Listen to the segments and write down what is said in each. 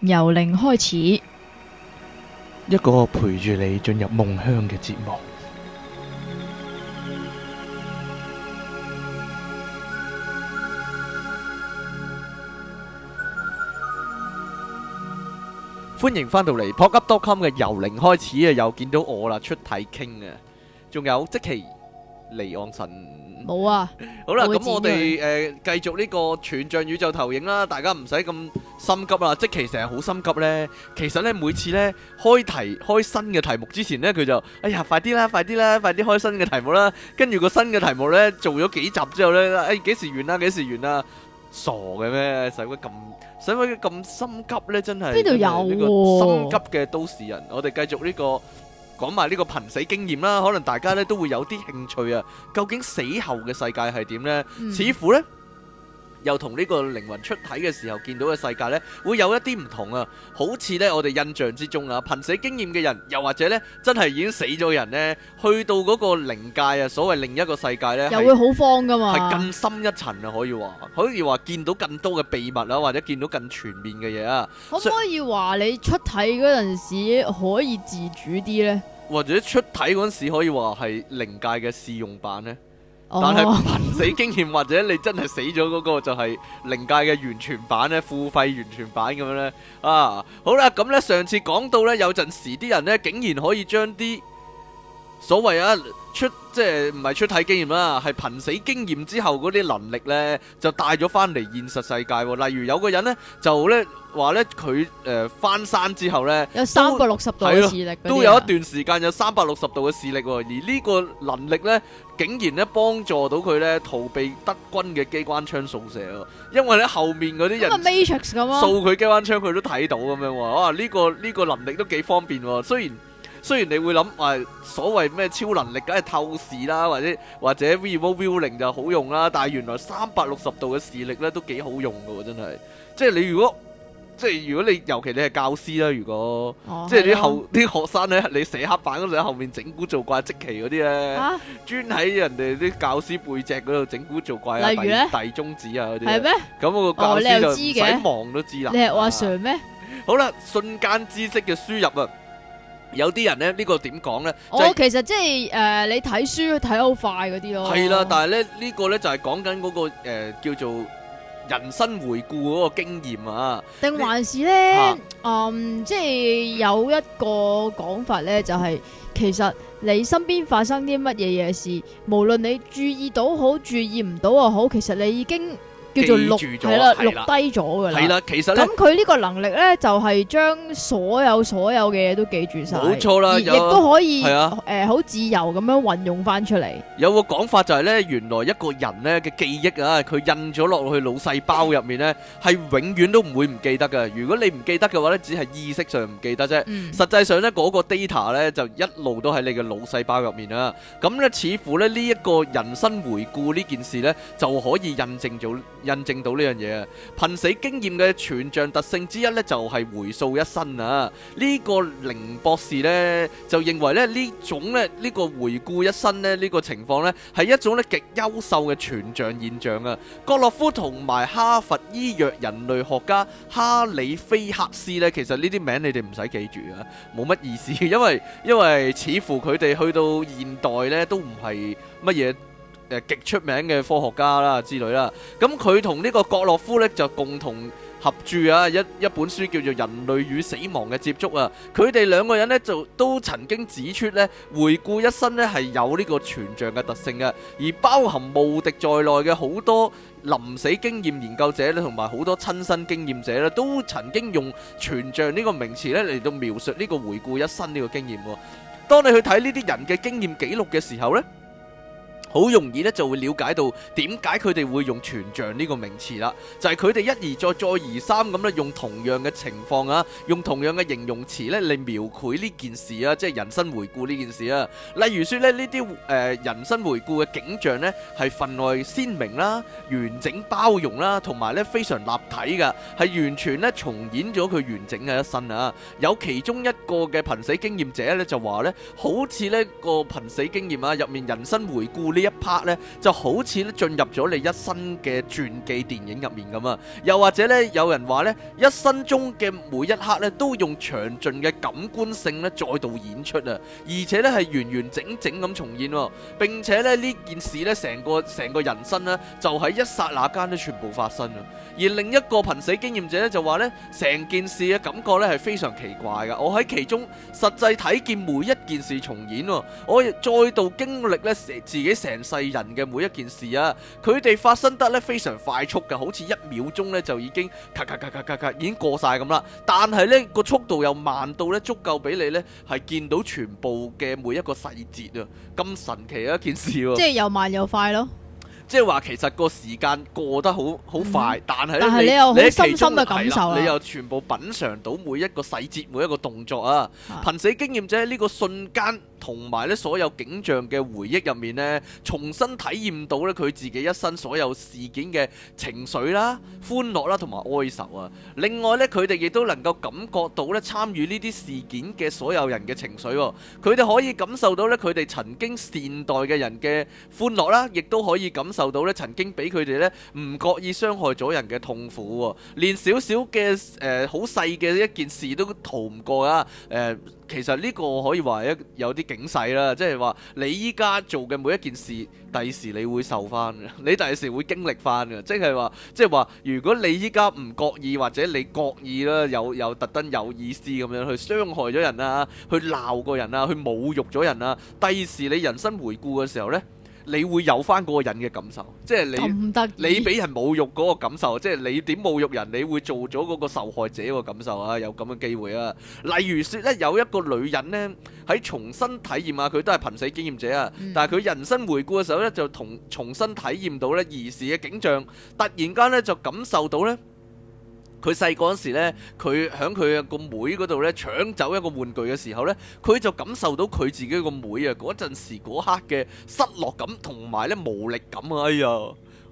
由零開始，一個陪住你進入夢鄉嘅節目。歡迎翻到嚟 Podcast.com 嘅由零開始啊，又見到我啦，出體傾啊，仲有即其離岸神，冇啊，好啦，咁我哋誒繼續呢個全像宇宙投影啦，大家唔使咁。心急啦，即係其實係好心急咧。其實咧，每次咧開題開新嘅題目之前咧，佢就哎呀，快啲啦，快啲啦，快啲開新嘅題目啦。跟住個新嘅題目咧，做咗幾集之後咧，哎幾時完啦？幾時完啦？傻嘅咩？使鬼咁使鬼咁心急咧，真係呢度有心急嘅都市人。我哋繼續呢個講埋呢個瀕死經驗啦。可能大家咧都會有啲興趣啊。究竟死後嘅世界係點咧？似乎咧。又同呢個靈魂出體嘅時候見到嘅世界呢，會有一啲唔同啊！好似呢，我哋印象之中啊，瀕死經驗嘅人，又或者呢，真係已經死咗嘅人呢，去到嗰個靈界啊，所謂另一個世界呢，又會好慌㗎嘛？係更深一層啊，可以話，可以話見到更多嘅秘密啦、啊，或者見到更全面嘅嘢啊！可唔可以話你出體嗰陣時可以自主啲呢？或者出體嗰陣時可以話係靈界嘅試用版呢？但係瀕死經驗，或者你真係死咗嗰個就係靈界嘅完全版呢，付費完全版咁樣呢？啊！好啦，咁呢，上次講到呢，有陣時啲人呢，竟然可以將啲。所謂啊，出即係唔係出體經驗啦，係瀕死經驗之後嗰啲能力咧，就帶咗翻嚟現實世界，哦。例如有個人咧，就咧話咧佢誒翻山之後咧，都有三百六十度嘅視力，啊，都有一段時間有三百六十度嘅視力，哦。而呢個能力咧，竟然咧幫助到佢咧逃避德軍嘅機關槍掃射，哦。因為咧後面嗰啲人掃佢機關槍，佢都睇到咁樣。哇！呢，這個呢，這個能力都幾方便，哦。雖然。雖然你會諗話、啊、所謂咩超能力，梗係透視啦，或者或者 Vivo Viewing 就好用啦。但係原來三百六十度嘅視力咧都幾好用噶，真係。即係你如果即係如果你尤其你係教師啦，如果、哦、即係你後啲、嗯、學生咧，你寫黑板度喺後面整蠱做怪、即奇嗰啲咧，專喺、啊、人哋啲教師背脊嗰度整蠱做怪啊，例如咧，中指啊嗰啲，係咩嗎？咁個教師、哦、你知就唔使望都知啦。你係阿 Sir 咩吧？ 好啦，瞬間知識嘅輸入啊！有啲人咧，這個、呢個點講咧？我、就是哦、其實即係誒，你睇書睇好快嗰啲咯。係啦，但係咧呢、這個咧就係講緊嗰個誒、呃、叫做人生回顧嗰個經驗啊。定還是咧？啊、嗯，即係有一個講法咧，就係、是、其實你身邊發生啲乜嘢嘢事，無論你注意到好，注意唔到又好，其實你已經。叫做錄，係啦，錄低咗嘅。係啦，了其實咧，咁佢呢個能力咧，就係、是、將所有所有嘅嘢都記住晒，冇錯啦，而有亦都可以，誒、啊、好、呃、自由咁樣運用翻出嚟。有個講法就係、是、咧，原來一個人咧嘅記憶啊，佢印咗落去腦細胞入面咧，係永遠都唔會唔記得嘅。如果你唔記得嘅話咧，只係意識上唔記得啫，嗯、實際上咧嗰、那個 data 咧就一路都喺你嘅腦細胞入面啦。咁咧，似乎咧呢一個人生回顧呢件事咧，就可以印證咗。印證到呢樣嘢啊，瀕死經驗嘅全像特性之一呢，就係、是、回溯一生啊！呢、這個凌博士呢，就認為咧呢種咧呢、這個回顧一生咧呢、這個情況呢，係一種咧極優秀嘅全像現象啊！葛洛夫同埋哈佛醫藥人類學家哈里菲克斯呢，其實呢啲名你哋唔使記住啊，冇乜意思，因為因為似乎佢哋去到現代呢，都唔係乜嘢。誒，極出名嘅科學家啦之類啦，咁佢同呢個格洛夫咧就共同合著啊一一本書叫做《人類與死亡嘅接觸》啊，佢哋兩個人咧就都曾經指出咧，回顧一生咧係有呢個全像嘅特性嘅，而包含穆迪在內嘅好多臨死經驗研究者咧，同埋好多親身經驗者咧，都曾經用全像呢個名詞咧嚟到描述呢個回顧一生呢個經驗。當你去睇呢啲人嘅經驗記錄嘅時候咧。好容易咧就會了解到點解佢哋會用全像呢個名詞啦，就係佢哋一而再、再而三咁咧用同樣嘅情況啊，用同樣嘅形容詞咧嚟描繪呢件事啊，即係人生回顧呢件事啊。例如說咧，呢啲誒人生回顧嘅景象咧係分外鮮明啦、完整包容啦，同埋咧非常立體嘅，係完全咧重演咗佢完整嘅一生啊。有其中一個嘅瀕死經驗者咧就話咧，好似咧個瀕死經驗啊入面人生回顧呢。一拍咧，就好似咧進入咗你一生嘅傳記電影入面咁啊！又或者咧，有人話咧，一生中嘅每一刻咧，都用詳盡嘅感官性咧再度演出啊！而且咧係完完整整咁重現，並且咧呢件事咧成個成個人生咧，就喺一剎那間咧全部發生啊！而另一個瀕死經驗者咧就話呢，成件事嘅感覺呢係非常奇怪嘅。我喺其中實際睇見每一件事重演喎，我再度經歷呢自己成世人嘅每一件事啊。佢哋發生得呢非常快速嘅，好似一秒鐘呢就已經咔咔咔咔咔咔已經過晒咁啦。但係呢個速度又慢到呢，足夠俾你呢係見到全部嘅每一個細節啊！咁神奇嘅一件事喎，即係又慢又快咯。即係話其實個時間過得好好快，但係咧你你喺其中嘅感受你，你又全部品嚐到每一個細節、每一個動作啊！瀕死經驗者，呢個瞬間。同埋咧，有所有景象嘅回憶入面呢，重新體驗到咧佢自己一生所有事件嘅情緒啦、歡樂啦，同埋哀愁啊。另外呢，佢哋亦都能夠感覺到咧參與呢啲事件嘅所有人嘅情緒喎。佢哋可以感受到咧佢哋曾經善待嘅人嘅歡樂啦，亦都可以感受到咧曾經俾佢哋咧唔覺意傷害咗人嘅痛苦喎。連少少嘅誒好細嘅一件事都逃唔過啊誒！呃其實呢個可以話一有啲警世啦，即係話你依家做嘅每一件事，第時你會受翻，你第時會經歷翻嘅，即係話即係話，就是、如果你依家唔覺意或者你覺意啦，有有特登有意思咁樣去傷害咗人啊，去鬧個人啊，去侮辱咗人啊，第時你人生回顧嘅時候呢。你會有翻嗰個人嘅感受，即係你你俾人侮辱嗰個感受，即係你點侮辱人，你會做咗嗰個受害者個感受啊，有咁嘅機會啊。例如説咧，有一個女人呢，喺重新體驗啊，佢都係瀕死經驗者啊，但係佢人生回顧嘅時候呢，就重重新體驗到呢兒時嘅景象，突然間呢，就感受到呢。佢細個嗰時咧，佢喺佢個妹嗰度呢，搶走一個玩具嘅時候呢，佢就感受到佢自己個妹啊嗰陣時嗰刻嘅失落感同埋咧無力感啊！哎呀，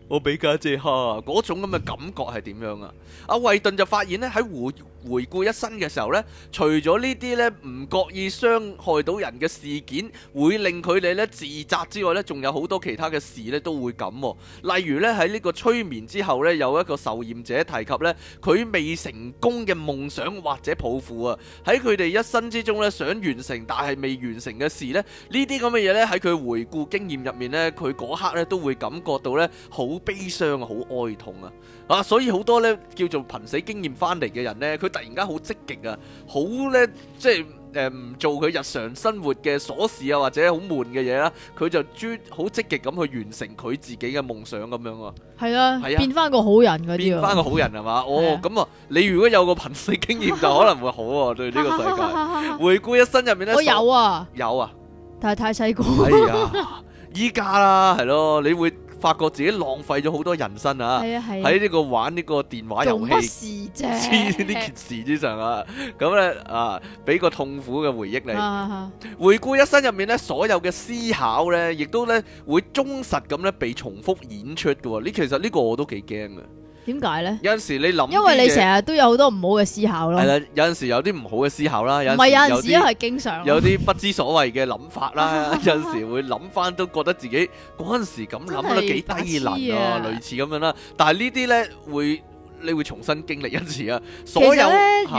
我俾家姐下嗰種咁嘅感覺係點樣啊？阿惠頓就發現呢喺活回顧一生嘅時候呢，除咗呢啲咧唔覺意傷害到人嘅事件，會令佢哋咧自責之外呢，仲有好多其他嘅事咧都會咁。例如呢，喺呢個催眠之後呢，有一個受驗者提及呢，佢未成功嘅夢想或者抱負啊，喺佢哋一生之中呢想完成但係未完成嘅事呢。呢啲咁嘅嘢呢，喺佢回顧經驗入面呢，佢嗰刻呢都會感覺到呢好悲傷，好哀痛啊。啊，所以好多咧叫做瀕死經驗翻嚟嘅人咧，佢突然間好積極啊，好咧即係誒唔做佢日常生活嘅瑣事啊，或者好悶嘅嘢啦，佢就專好積極咁去完成佢自己嘅夢想咁樣啊。係啊，變翻個好人嘅。變翻個好人係嘛？哦，咁啊，你如果有個瀕死經驗就可能會好、啊、 對呢個世界。回顧一生入面咧。 我有啊。有啊。但係太細個、 哎。係啊，依家啦，係咯，你會。發覺自己浪費咗好多人生啊！喺呢、啊啊、個玩呢個電話遊戲，黐呢 件事之上啊！咁 咧啊，俾個痛苦嘅回憶你。 回顧一生入面咧，所有嘅思考咧，亦都咧會忠實咁咧被重複演出㗎。呢其實呢個我都幾驚嘅。點解咧？有陣時你諗，因為你成日都有好多唔好嘅思考咯。係啦，有陣時有啲唔好嘅思考啦。唔係有陣時，係經常。有啲不知所謂嘅諗法啦，有陣時會諗翻都覺得自己嗰陣時咁諗都幾低能啊，類似咁樣啦。但係呢啲咧會，你會重新經歷一次啊。所有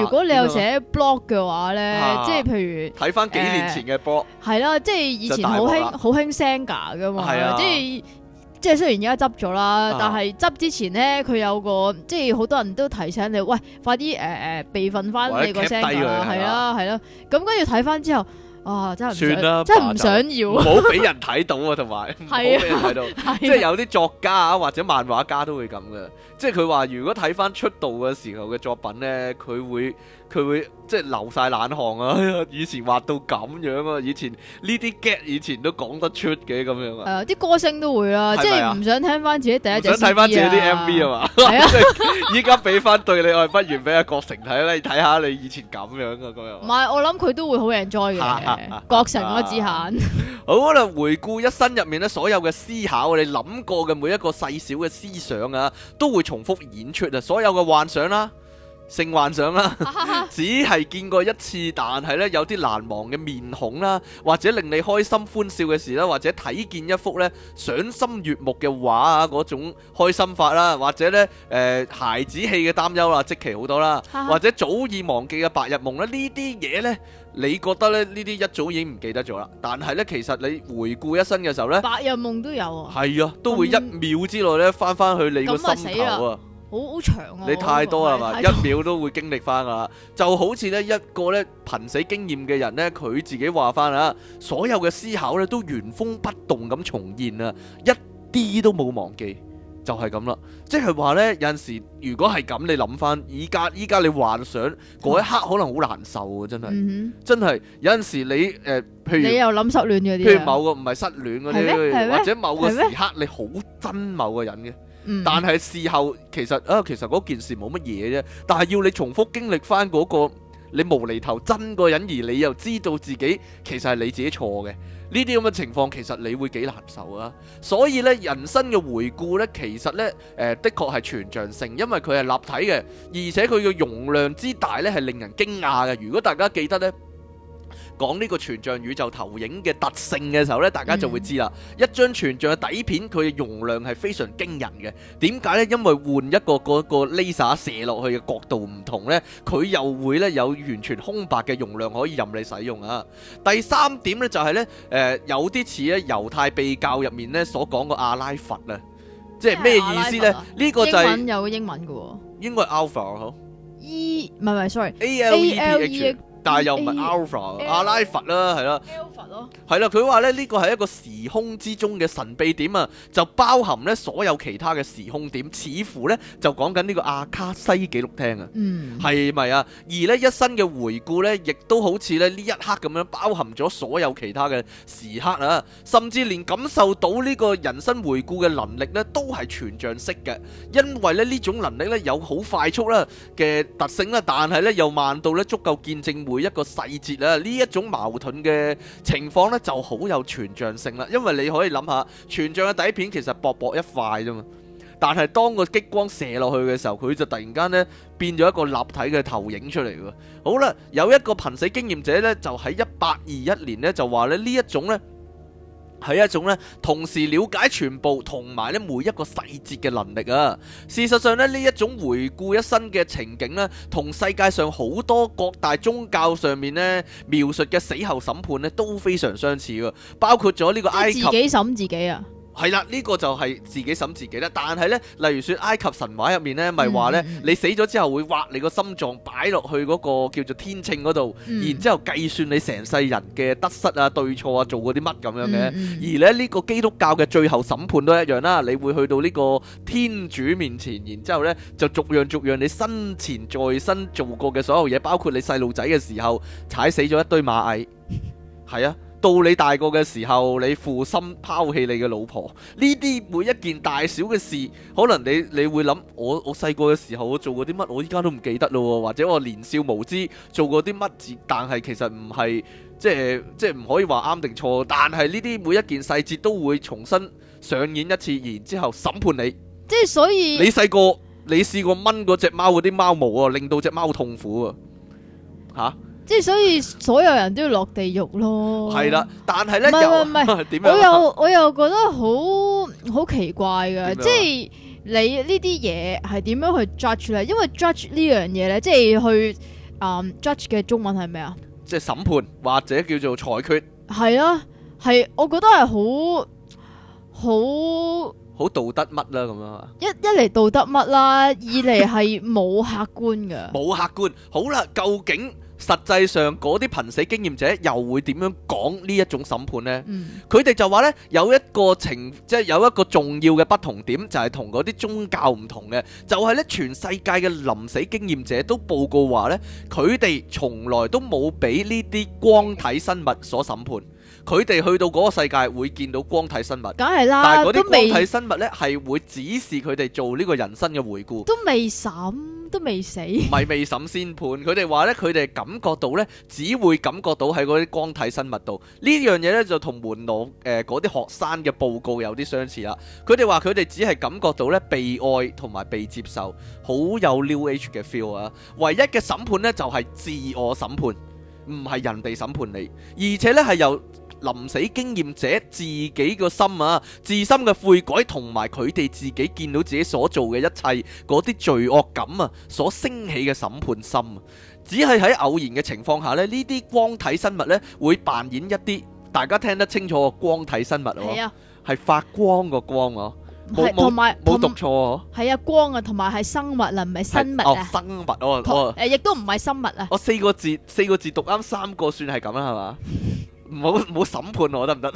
如果你有寫 blog 嘅話咧，即係譬如睇翻幾年前嘅 blog。係啦，即係以前好興好興 Xanga 噶嘛。係啦，即係。即係雖然而家執咗啦，但係執之前咧，佢有個即係好多人都提醒你，喂，快啲誒誒備份翻你個聲啊，係啦係啦。咁跟住睇翻之後，啊，真係唔想，算了真係唔想要，唔好俾人睇到啊，同埋唔好，俾人睇到。即係 有啲作家啊，或者漫畫家都會咁嘅，即係佢話如果睇翻出道嘅時候嘅作品咧，佢會。佢會即係流晒冷汗啊！以前畫到咁樣啊，以前呢啲 get 以前都講得出嘅咁樣啊。係啲、呃、歌星都會啊，吧即係唔想聽翻自己第一隻。想睇翻自己啲 MV 啊嘛。係啊，依家俾翻對你愛不完俾阿郭成睇，你睇下你以前咁樣啊咁樣啊。唔係，我諗佢都會好 enjoy 嘅。郭 成我指下。 好啦，回顧一生入面咧所有嘅思考，你諗 過嘅每一個細小嘅思想啊，都會重複演出啊，所有嘅幻想啦。性幻想啦， 只係見過一次，但係咧有啲難忘嘅面孔啦，或者令你開心歡笑嘅事啦，或者睇見一幅咧賞心悅目嘅畫啊，嗰種開心法啦，或者咧誒、呃、孩子氣嘅擔憂啦，即其好多啦， 或者早已忘記嘅白日夢咧，呢啲嘢咧，你覺得咧呢啲一早已經唔記得咗啦，但係咧其實你回顧一生嘅時候咧，白日夢都有啊，係啊，都會一秒之內咧翻翻去你個心頭啊。好好長啊！你太多啦嘛，是一秒都會經歷翻噶啦，就好似呢一個呢瀕死經驗嘅人呢，佢自己話翻啊，所有嘅思考呢，都原封不動咁重現啊，一啲都冇忘記，就係咁啦。即係話呢，有陣時如果係咁，你諗翻依家，依家你幻想嗰一刻，可能好難受啊！真係，嗯、哼真係有陣時你誒、呃，譬如你又諗失戀嗰啲，譬如某個唔係失戀嗰啲，或者某個時刻你好憎某個人嘅。但係事後其實啊，其實嗰件事冇乜嘢啫。但係要你重複經歷翻嗰個你無厘頭憎個人，而你又知道自己其實係你自己錯嘅呢啲咁嘅情況，其實你會幾難受啊！所以呢，人生嘅回顧呢，其實呢，誒、呃、的確係全像性，因為佢係立體嘅，而且佢嘅容量之大呢，係令人驚訝嘅。如果大家記得呢，講呢個全像宇宙投影嘅特性嘅時候咧，大家就會知啦。一張全像嘅底片，佢嘅容量係非常驚人嘅。點解呢？因為換一個個 laser 射落去嘅角度唔同呢，佢又會呢有完全空白嘅容量可以任你使用啊。第三點呢，就係呢誒有啲似咧猶太秘教入面呢所講個阿拉佛啊，即係咩意思呢？呢個就係英文有英文嘅喎，英文 alpha e 唔係，唔係，sorry，A L E P H。但又唔係 Alpha，阿拉佛啦、啊，係啦，係啦 Alpha?，佢話咧，呢個係一個時空之中嘅神秘點啊，就包含咧所有其他嘅時空點，似乎咧就講緊呢個阿卡西記錄廳啊，嗯，係咪啊？而咧一生嘅回顧咧，亦都好似咧呢一刻咁樣，包含咗所有其他嘅時刻啊，甚至連感受到呢個人生回顧嘅能力咧，都係全像式嘅，因為咧呢種能力咧有好快速啦嘅特性啦，但係咧又慢到咧足夠見證每一個細節啦，呢一種矛盾嘅情況呢，就好有全像性啦，因為你可以諗下全像嘅底片其實薄薄一塊啫嘛，但係當個激光射落去嘅時候，佢就突然間呢變咗一個立體嘅投影出嚟嘅。好啦，有一個瀕死經驗者呢，就喺一八二一年呢，就話咧呢一種呢。係一種咧，同時了解全部同埋咧每一個細節嘅能力啊！事實上咧，呢一種回顧一生嘅情景咧，同世界上好多各大宗教上面咧描述嘅死後審判咧都非常相似嘅，包括咗呢個埃及自己審自己啊！係啦，呢、呢個就係自己審自己啦。但係呢，例如説埃及神話入面咧，咪話咧，你死咗之後會挖你個心臟擺落去嗰個叫做天秤嗰度，嗯、然之後計算你成世人嘅得失啊、對錯啊、做過啲乜咁樣嘅。嗯、而咧呢、呢個基督教嘅最後審判都一樣啦，你會去到呢個天主面前，然之後呢就逐樣逐樣你生前在身做過嘅所有嘢，包括你細路仔嘅時候踩死咗一堆螞蟻，係啊、嗯。嗯 到你大個嘅時候，你負心拋棄你嘅老婆，呢啲每一件大小嘅事，可能你你會諗，我我細個嘅時候我做過啲乜，我依家都唔記得咯，或者我年少無知做過啲乜嘢，但係其實唔係即係即係唔可以話啱定錯，但係呢啲每一件細節都會重新上演一次，然之後審判你。即係所以你細個你試過掹嗰隻貓嗰啲貓毛啊，令到隻貓痛苦啊，吓？即係所以，所有人都要落地獄咯。係啦，但係咧，唔唔係，點樣有？不 說我又我又覺得好好奇怪嘅，即係你呢啲嘢係點樣去 judge 咧？因為 judge 呢樣嘢咧，即係去啊、嗯、judge 嘅中文係咩啊？即係審判或者叫做裁決。係 啊，係，我覺得係好好好道德乜啦咁樣一。一一嚟，道德乜啦，二嚟係冇客觀嘅。冇 客觀，好啦，究竟？實際上，嗰啲瀕死經驗者又會點樣講呢一種審判呢？佢哋、嗯、就話呢有一個情，即係有一個重要嘅不同點就不同，就係同嗰啲宗教唔同嘅，就係呢全世界嘅臨死經驗者都報告話呢佢哋從來都冇俾呢啲光體生物所審判。佢哋去到嗰個世界會見到光體生物，梗係啦。但係嗰啲光體生物呢，係沒會指示佢哋做呢個人生嘅回顧。都未審，都未死。唔係未審先判，佢哋話呢，佢哋感覺到呢，只會感覺到喺嗰啲光體生物度。呢樣嘢呢，就同門腦誒嗰啲學生嘅報告有啲相似啦。佢哋話佢哋只係感覺到呢，被愛同埋被接受，好有 New Age 嘅 feel 啊！唯一嘅審判呢，就係自我審判，唔係人哋審判你，而且呢，係由。臨死經驗者自己個心啊，自身嘅悔改同埋佢哋自己見到自己所做嘅一切嗰啲罪惡感啊，所升起嘅審判心啊，只係喺偶然嘅情況下咧，呢啲光體生物咧會扮演一啲大家聽得清楚嘅光體生物咯，係啊，係發光個光哦，同埋冇讀錯哦，係啊，光啊，同埋係生物啦，唔係生物啊，生物哦，誒，亦都唔係生物啊，我四個字四個字讀啱三個算係咁啦，係嘛？唔好唔好審判我得唔得？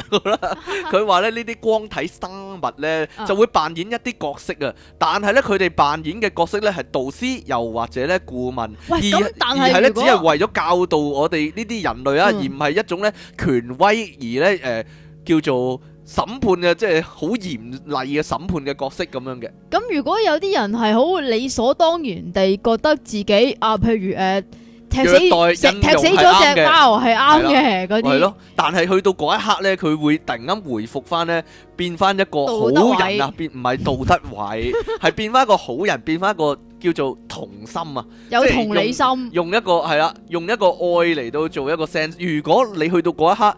佢話咧，呢啲光體生物呢就會扮演一啲角色啊，但係呢，佢哋扮演嘅角色呢係導師，又或者呢顧問，喂而但而係咧只係為咗教導我哋呢啲人類啊，嗯、而唔係一種呢權威而呢誒、呃、叫做審判嘅，即係好嚴厲嘅審判嘅角色咁樣嘅。咁如果有啲人係好理所當然地覺得自己啊，譬如誒。呃虐待踢死咗隻貓係啱嘅嗰啲係咯。但係去到嗰一刻咧，佢會突然間回復翻咧，變翻一個好人啊，變唔係道德位，係變翻一個好人，變翻一個叫做同心啊，有同理心，即係用一個係啦，用一個愛嚟到做一個 sense。如果你去到嗰一刻，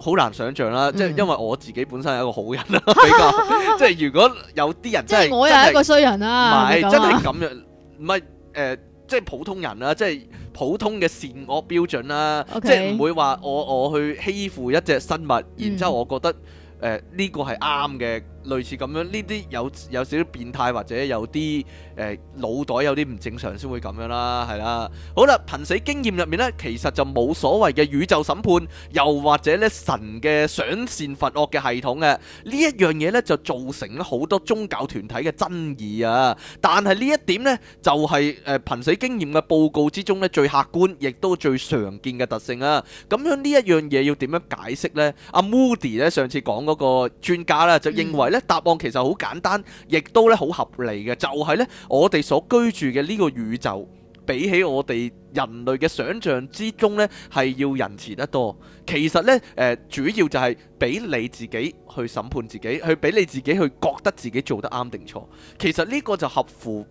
好難想象啦，即係因為我自己本身係一個好人啦，比較即係。如果有啲人即係我又係一個衰人啦，唔係真係咁樣唔係誒，即係普通人啦，即係。普通嘅善惡標準啦，Okay. 即係唔會話我我去欺負一隻生物，嗯、然之後我覺得誒呢、呃這個係啱嘅。類似咁樣，呢啲有有少少變態，或者有啲誒腦袋有啲唔正常，先會咁樣啦，係啦。好啦，瀕死經驗入面咧，其實就冇所謂嘅宇宙審判，又或者咧神嘅賞善罰惡嘅系統嘅呢一樣嘢咧，就造成咗好多宗教團體嘅爭議啊。但係呢一點咧，就係誒瀕死經驗嘅報告之中咧，最客觀，亦都最常見嘅特性啊。咁樣呢一樣嘢要點樣解釋咧？阿 Moody 咧上次講嗰個專家啦，就認為咧。答案其實好簡單，亦都咧好合理嘅，就係、是、咧我哋所居住嘅呢個宇宙，比起我哋人類嘅想象之中咧係要仁慈得多。其實咧，誒、呃、主要就係俾你自己去審判自己，去俾你自己去覺得自己做得啱定錯。其實呢個就合乎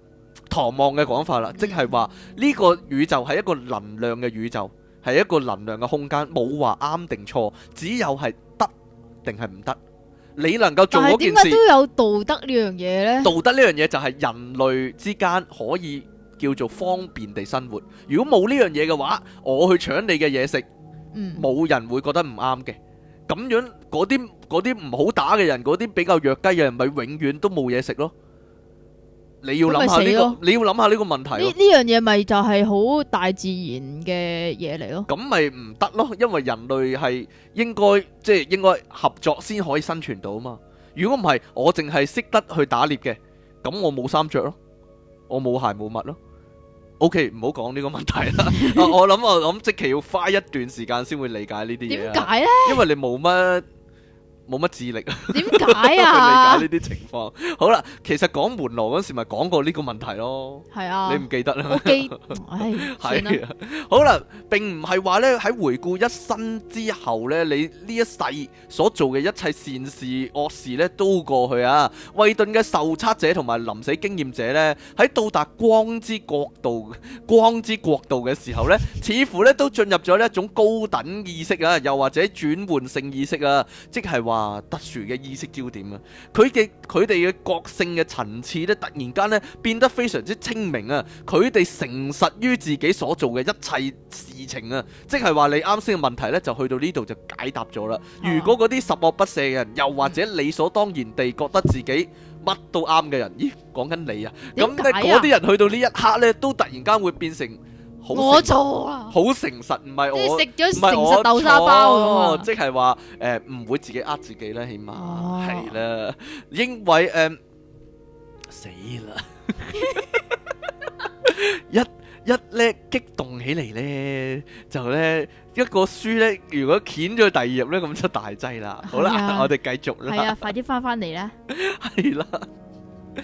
唐望嘅講法啦，即係話呢個宇宙係一個能量嘅宇宙，係一個能量嘅空間，冇話啱定錯，只有係得定係唔得。你能夠做嗰件事，但係點解都有道德呢樣嘢呢？道德呢樣嘢就係人類之間可以叫做方便地生活。如果冇呢樣嘢嘅話，我去搶你嘅嘢食，冇、嗯、人會覺得唔啱嘅。咁樣嗰啲嗰啲唔好打嘅人，嗰啲比較弱雞嘅人，咪永遠都冇嘢食咯。你要諗下呢個，你要諗下呢個問題。呢呢樣嘢咪就係好大自然嘅嘢嚟咯。咁咪唔得咯，因為人類係應該即係應該合作先可以生存到嘛。如果唔係，我淨係識得去打獵嘅，咁我冇衫着咯，我冇鞋冇襪咯。OK，唔好講呢個問題啦。我諗我諗即期要花一段時間先會理解呢啲嘢。點解咧？因為你冇乜。冇乜智力點解啊？理解呢啲情況。 好啦，其實講門羅嗰時咪講過呢個問題咯。係啊，你唔記得啦？ 記唉，係好啦，並唔係話呢，喺回顧一生之後呢，你呢一世所做嘅一切善事惡事呢都過去啊。惠頓嘅受測者同埋臨死經驗者呢，喺到達光之國度、光之國度嘅時候呢，似乎呢都進入咗一種高等意識啊，又或者轉換性意識啊，即係話。啊！特殊嘅意識焦點啊，佢嘅佢哋嘅覺性嘅層次咧，突然間咧變得非常之清明啊！佢哋誠實於自己所做嘅一切事情啊，即係話你啱先嘅問題咧，就去到呢度就解答咗啦。如果嗰啲十惡不赦嘅人，又或者理所當然地覺得自己乜都啱嘅人，咦？講緊你啊，咁咧嗰啲人去到呢一刻咧，都突然間會變成。我做啊，好誠實，唔係我食咗誠實豆沙包。即係話誒，唔、呃、會自己呃自己啦，起碼係、啊、啦，因為誒、呃、死啦， 一一咧激動起嚟咧，就咧一個書咧，如果掀咗第二日咧，咁出大劑啦。好啦，啊、 我哋繼續啦，係啊，快啲翻翻嚟咧，係啦。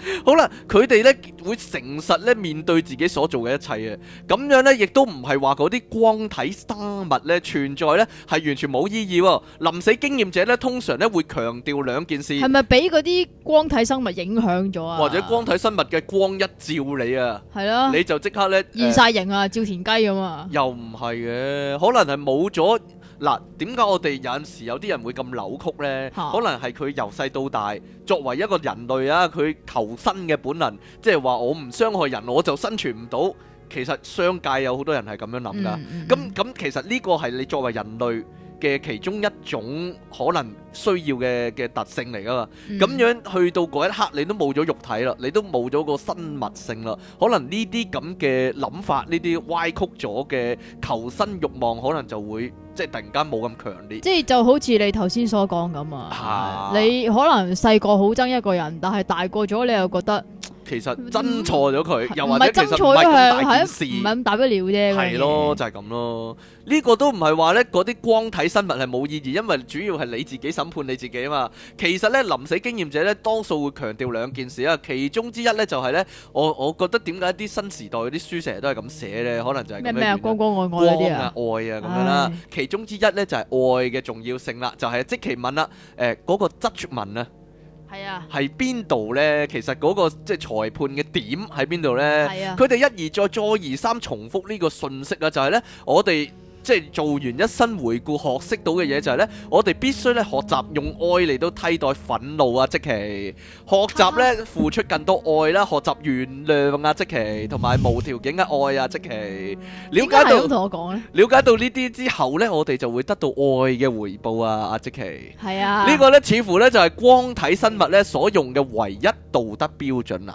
好啦，佢哋咧會誠實咧面對自己所做嘅一切啊，咁樣咧亦都唔係話嗰啲光體生物咧存在咧係完全冇意義。臨死經驗者咧通常咧會強調兩件事。係咪俾嗰啲光體生物影響咗啊？或者光體生物嘅光一照你啊，係咯的，你就即刻咧現晒形啊，照田雞咁啊？又唔係嘅，可能係冇咗。嗱，點解我哋有陣時有啲人會咁扭曲呢？可能係佢由細到大作為一個人類啊，佢求生嘅本能，即係話我唔傷害人，我就生存唔到。其實商界有好多人係咁樣諗噶。咁咁，其實呢個係你作為人類嘅其中一種可能需要嘅嘅特性嚟噶嘛。咁樣去到嗰一刻，你都冇咗肉體啦，你都冇咗個生物性啦。可能呢啲咁嘅諗法，呢啲歪曲咗嘅求生慾望，可能就會。即係突然間冇咁強烈，即係就好似你頭先所講咁啊！你可能細個好憎一個人，但係大個咗你又覺得。其實真錯咗佢，嗯、又或者其實唔係咁唔係咁大不了啫。係咯，就係、是、咁咯。呢個都唔係話咧，嗰啲光體生物係冇意義，因為主要係你自己審判你自己啊嘛。其實咧，臨死經驗者咧，多數會強調兩件事啊。其中之一咧就係、是、咧，我我覺得點解啲新時代嗰啲書成日都係咁寫咧、嗯，可能就係咩咩啊光啊愛啊咁樣啦。哎、其中之一咧就係愛嘅重要性啦，就係、是、即其問啦，誒嗰個質問啊。呃那個係啊，係邊度呢？其實嗰個即係裁判嘅點喺邊度呢？佢哋是、啊、一而再，再而三重複呢個信息啦，就係呢，我哋。即係做完一生回顧，學識到嘅嘢就係呢，我哋必須咧學習用愛嚟到替代憤怒啊！即其學習咧付出更多愛啦，學習原諒啊！即其同埋無條件嘅愛啊！即其了解到我講咧，了解到呢啲之後呢，我哋就會得到愛嘅回報啊！阿即其係啊，呢個呢，似乎呢就係光體生物呢所用嘅唯一道德標準啦。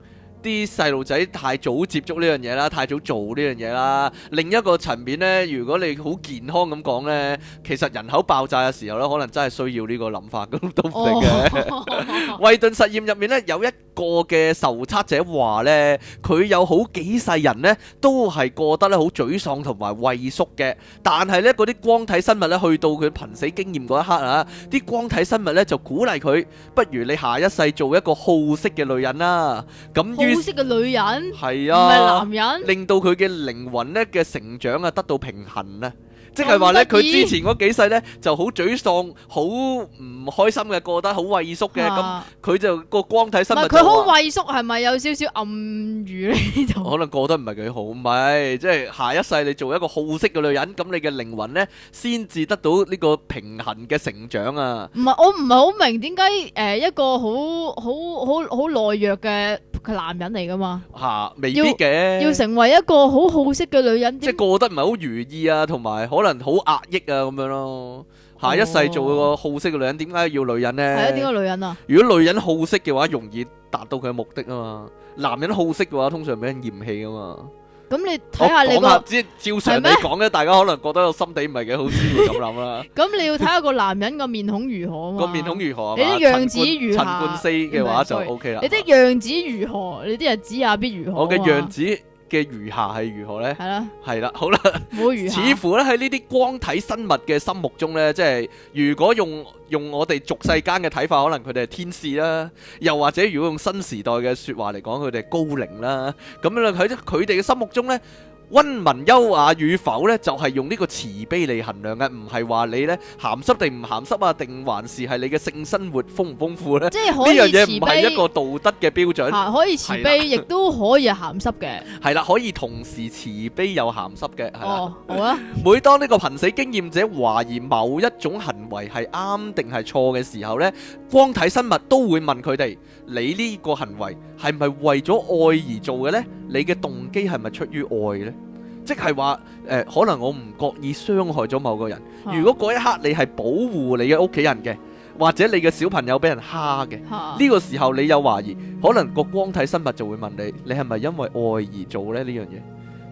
啲細路仔太早接觸呢樣嘢啦，太早做呢樣嘢啦。另一個層面咧，如果你好健康咁講咧，其實人口爆炸嘅時候咧，可能真係需要呢個諗法咁都唔定嘅。惠頓實驗入面咧有一個嘅受測者話咧，佢有好幾世人咧都係過得咧好沮喪同埋畏縮嘅，但係咧啲光體生物咧去到佢瀕死經驗一刻啊，啲光體生物咧就鼓勵佢，不如你下一世做一個好色嘅女人啦。咁於好色嘅女人係啊，唔係男人，令到佢嘅靈魂咧嘅成長啊，得到平衡咧，即係話咧，佢之前嗰幾世咧就好沮喪、好唔開心嘅，過得好畏縮嘅，咁佢就個光體身唔係佢好畏縮，係咪有少少暗語咧？就可能過得唔係幾好，咪即係下一世你做一個好色嘅女人，咁你嘅靈魂咧先至得到呢個平衡嘅成長啊？唔係，我唔係好明點解誒，一個好好好好懦弱嘅。佢男人嚟噶嘛？吓、啊，未必嘅。要成為一個好好色嘅女人，即係過得唔係好如意啊，同埋可能好壓抑啊咁樣咯。下一世做一個好色嘅女人，點解要女人呢？係啊，點解女人啊？如果女人好色嘅話，容易達到佢嘅目的啊嘛。男人好色嘅話，通常俾人嫌棄啊嘛。咁你睇下，oh, 你講的，即係照常你講嘅，大家可能覺得我心底唔係幾好先會咁諗啦。咁 你要睇下個男人面個面孔如何啊？個面孔如何？你啲樣子如何？陳冠，冠希嘅話就 OK 啦。你啲樣子如何？你啲日子又必如何？我嘅樣子。嘅餘下係如何咧？係啦，係啦，好啦，似乎咧，喺呢啲光體生物嘅心目中咧，即係如果用用我哋俗世間嘅睇法，可能佢哋係天使啦，又或者如果用新時代嘅説話嚟講，佢哋係高靈啦，咁樣咧喺佢哋嘅心目中咧。溫文優雅與否咧，就係、是、用呢個慈悲嚟衡量嘅，唔係話你咧鹹濕定唔鹹濕啊，定還是係你嘅性生活豐唔豐富咧？呢樣嘢唔係一個道德嘅標準、啊。可以慈悲，亦都了可以鹹濕嘅。係啦，可以同時慈悲又鹹濕嘅。哦，好啊。每當呢個瀕死經驗者懷疑某一種行為係啱定係錯嘅時候咧，光體生物都會問佢哋。你呢個行為係咪為咗愛而做嘅呢？你嘅動機係咪出於愛呢？即係話誒，可能我唔覺意傷害咗某個人。啊、如果嗰一刻你係保護你嘅屋企人嘅，或者你嘅小朋友俾人蝦嘅，呢、啊、個時候你有懷疑，可能個光體生物就會問你：你係咪因為愛而做呢？呢樣嘢，